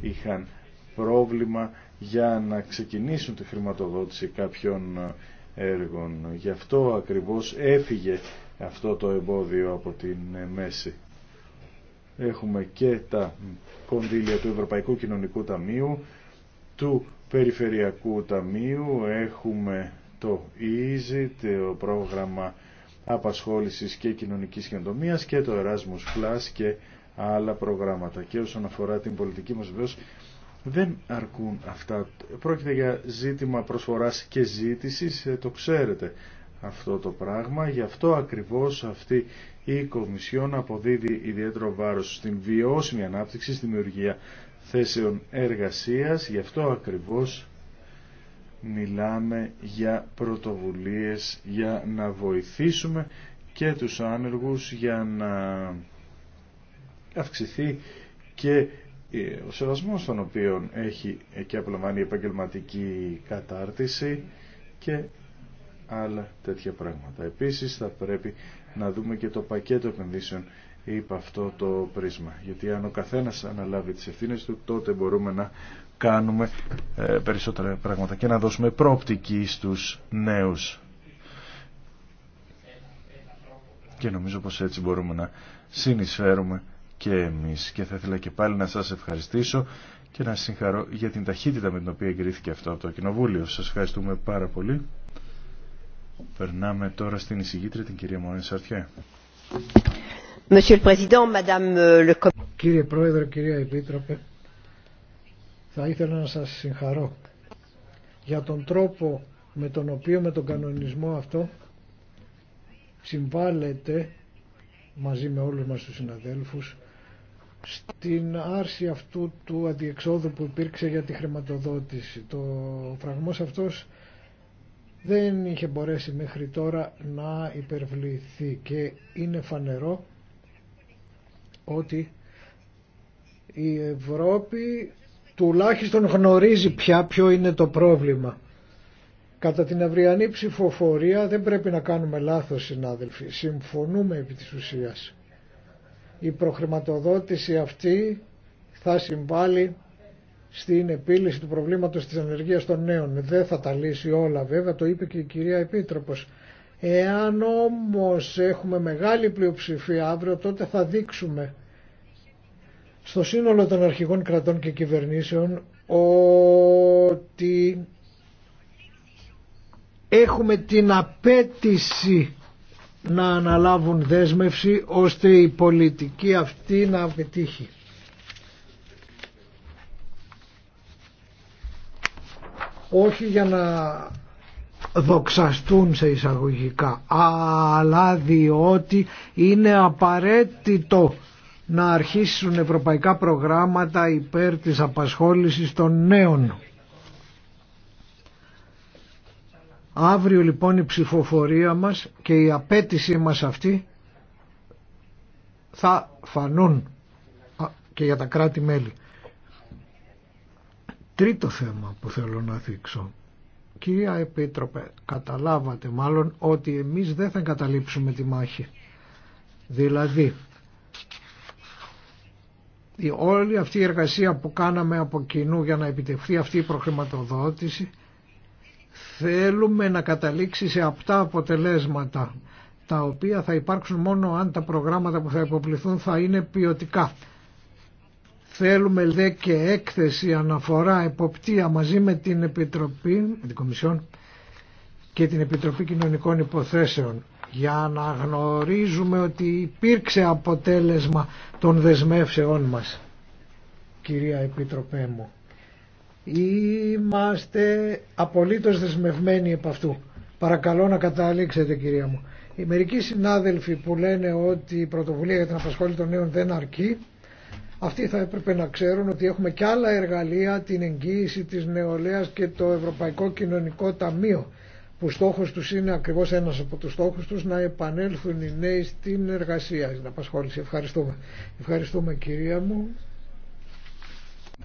είχαν πρόβλημα για να ξεκινήσουν τη χρηματοδότηση κάποιων ε, έργων. Γι' αυτό ακριβώς έφυγε αυτό το εμπόδιο από την ε, μέση. Έχουμε και τα κονδύλια του Ευρωπαϊκού Κοινωνικού Ταμείου, του Περιφερειακού Ταμείου, έχουμε το EASY, το πρόγραμμα απασχόλησης και κοινωνικής καινοτομίας και το Erasmus Plus και άλλα προγράμματα. Και όσον αφορά την πολιτική μας βεβαίως δεν αρκούν αυτά. Πρόκειται για ζήτημα προσφοράς και ζήτησης, ε, το ξέρετε αυτό το πράγμα. Γι' αυτό ακριβώς αυτή η Κομισιόν αποδίδει ιδιαίτερο βάρος στην βιώσιμη ανάπτυξη, στη δημιουργία θέσεων εργασίας. Γι' αυτό ακριβώς μιλάμε για πρωτοβουλίες για να βοηθήσουμε και τους άνεργους για να αυξηθεί και ε, ο σεβασμός των οποίων έχει και απολαμβάνει η επαγγελματική κατάρτιση και άλλα τέτοια πράγματα. Επίσης θα πρέπει να δούμε και το πακέτο επενδύσεων υπ' αυτό το πρίσμα. Γιατί αν ο καθένας αναλάβει τις ευθύνες του τότε μπορούμε να κάνουμε ε, περισσότερα πράγματα και να δώσουμε πρόπτικη στους νέους. Και νομίζω πως έτσι μπορούμε να συνεισφέρουμε και εμείς. Και θα ήθελα και πάλι να σας ευχαριστήσω και να συγχαρώ για την ταχύτητα με την οποία εγκρίθηκε αυτό το Κοινοβούλιο. Σας ευχαριστούμε πάρα πολύ. Περνάμε τώρα στην εισηγήτρια, την κυρία Μόνη Σαρτιέ. Euh, Κύριε Πρόεδρε, κυρία Επίτροπε, θα ήθελα να σας συγχαρώ για τον τρόπο με τον οποίο με τον κανονισμό αυτό συμβάλλεται μαζί με όλους μας τους συναδέλφους στην άρση αυτού του αντιεξόδου που υπήρξε για τη χρηματοδότηση. Το φραγμός αυτός δεν είχε μπορέσει μέχρι τώρα να υπερβληθεί και είναι φανερό ότι η Ευρώπη τουλάχιστον γνωρίζει πια ποιο είναι το πρόβλημα. Κατά την αυριανή ψηφοφορία δεν πρέπει να κάνουμε λάθος συνάδελφοι. Συμφωνούμε επί της ουσίας. Η προχρηματοδότηση αυτή θα συμβάλλει στην επίλυση του προβλήματος της ανεργίας των νέων. Δεν θα τα λύσει όλα βέβαια, το είπε και η κυρία Επίτροπος. Εάν όμως έχουμε μεγάλη πλειοψηφία αύριο τότε θα δείξουμε στο σύνολο των αρχηγών κρατών και κυβερνήσεων ότι έχουμε την απέτηση να αναλάβουν δέσμευση ώστε η πολιτική αυτή να πετύχει. Όχι για να δοξαστούν σε εισαγωγικά αλλά διότι είναι απαραίτητο να αρχίσουν ευρωπαϊκά προγράμματα υπέρ της απασχόλησης των νέων. Αύριο λοιπόν η ψηφοφορία μας και η απέτησή μας αυτή θα φανούν και για τα κράτη-μέλη. Τρίτο θέμα που θέλω να δείξω. Κυρία Επίτροπε, καταλάβατε μάλλον ότι εμείς δεν θα καταλήψουμε τη μάχη. Δηλαδή, η όλη αυτή η εργασία που κάναμε από κοινού για να επιτευχθεί αυτή η προχρηματοδότηση θέλουμε να καταλήξει σε απτά αποτελέσματα τα οποία θα υπάρξουν μόνο αν τα προγράμματα που θα υποπληθούν θα είναι ποιοτικά. Θέλουμε δε και έκθεση αναφορά εποπτεία μαζί με την Επιτροπή, με την και την Επιτροπή Κοινωνικών Υποθέσεων για να γνωρίζουμε ότι υπήρξε αποτέλεσμα των δεσμεύσεών μας κυρία Επίτροπέ μου είμαστε απολύτως δεσμευμένοι επ' αυτού παρακαλώ να καταλήξετε κυρία μου οι μερικοί συνάδελφοι που λένε ότι η πρωτοβουλία για την απασχόληση των νέων δεν αρκεί αυτοί θα έπρεπε να ξέρουν ότι έχουμε και άλλα εργαλεία την εγγύηση της νεολαίας και το Ευρωπαϊκό Κοινωνικό Ταμείο που στόχος τους είναι ακριβώς ένας από τους στόχους τους να επανέλθουν οι νέοι στην εργασία, στην απασχόληση. Ευχαριστούμε. Ευχαριστούμε κυρία μου.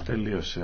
Τελείωσε.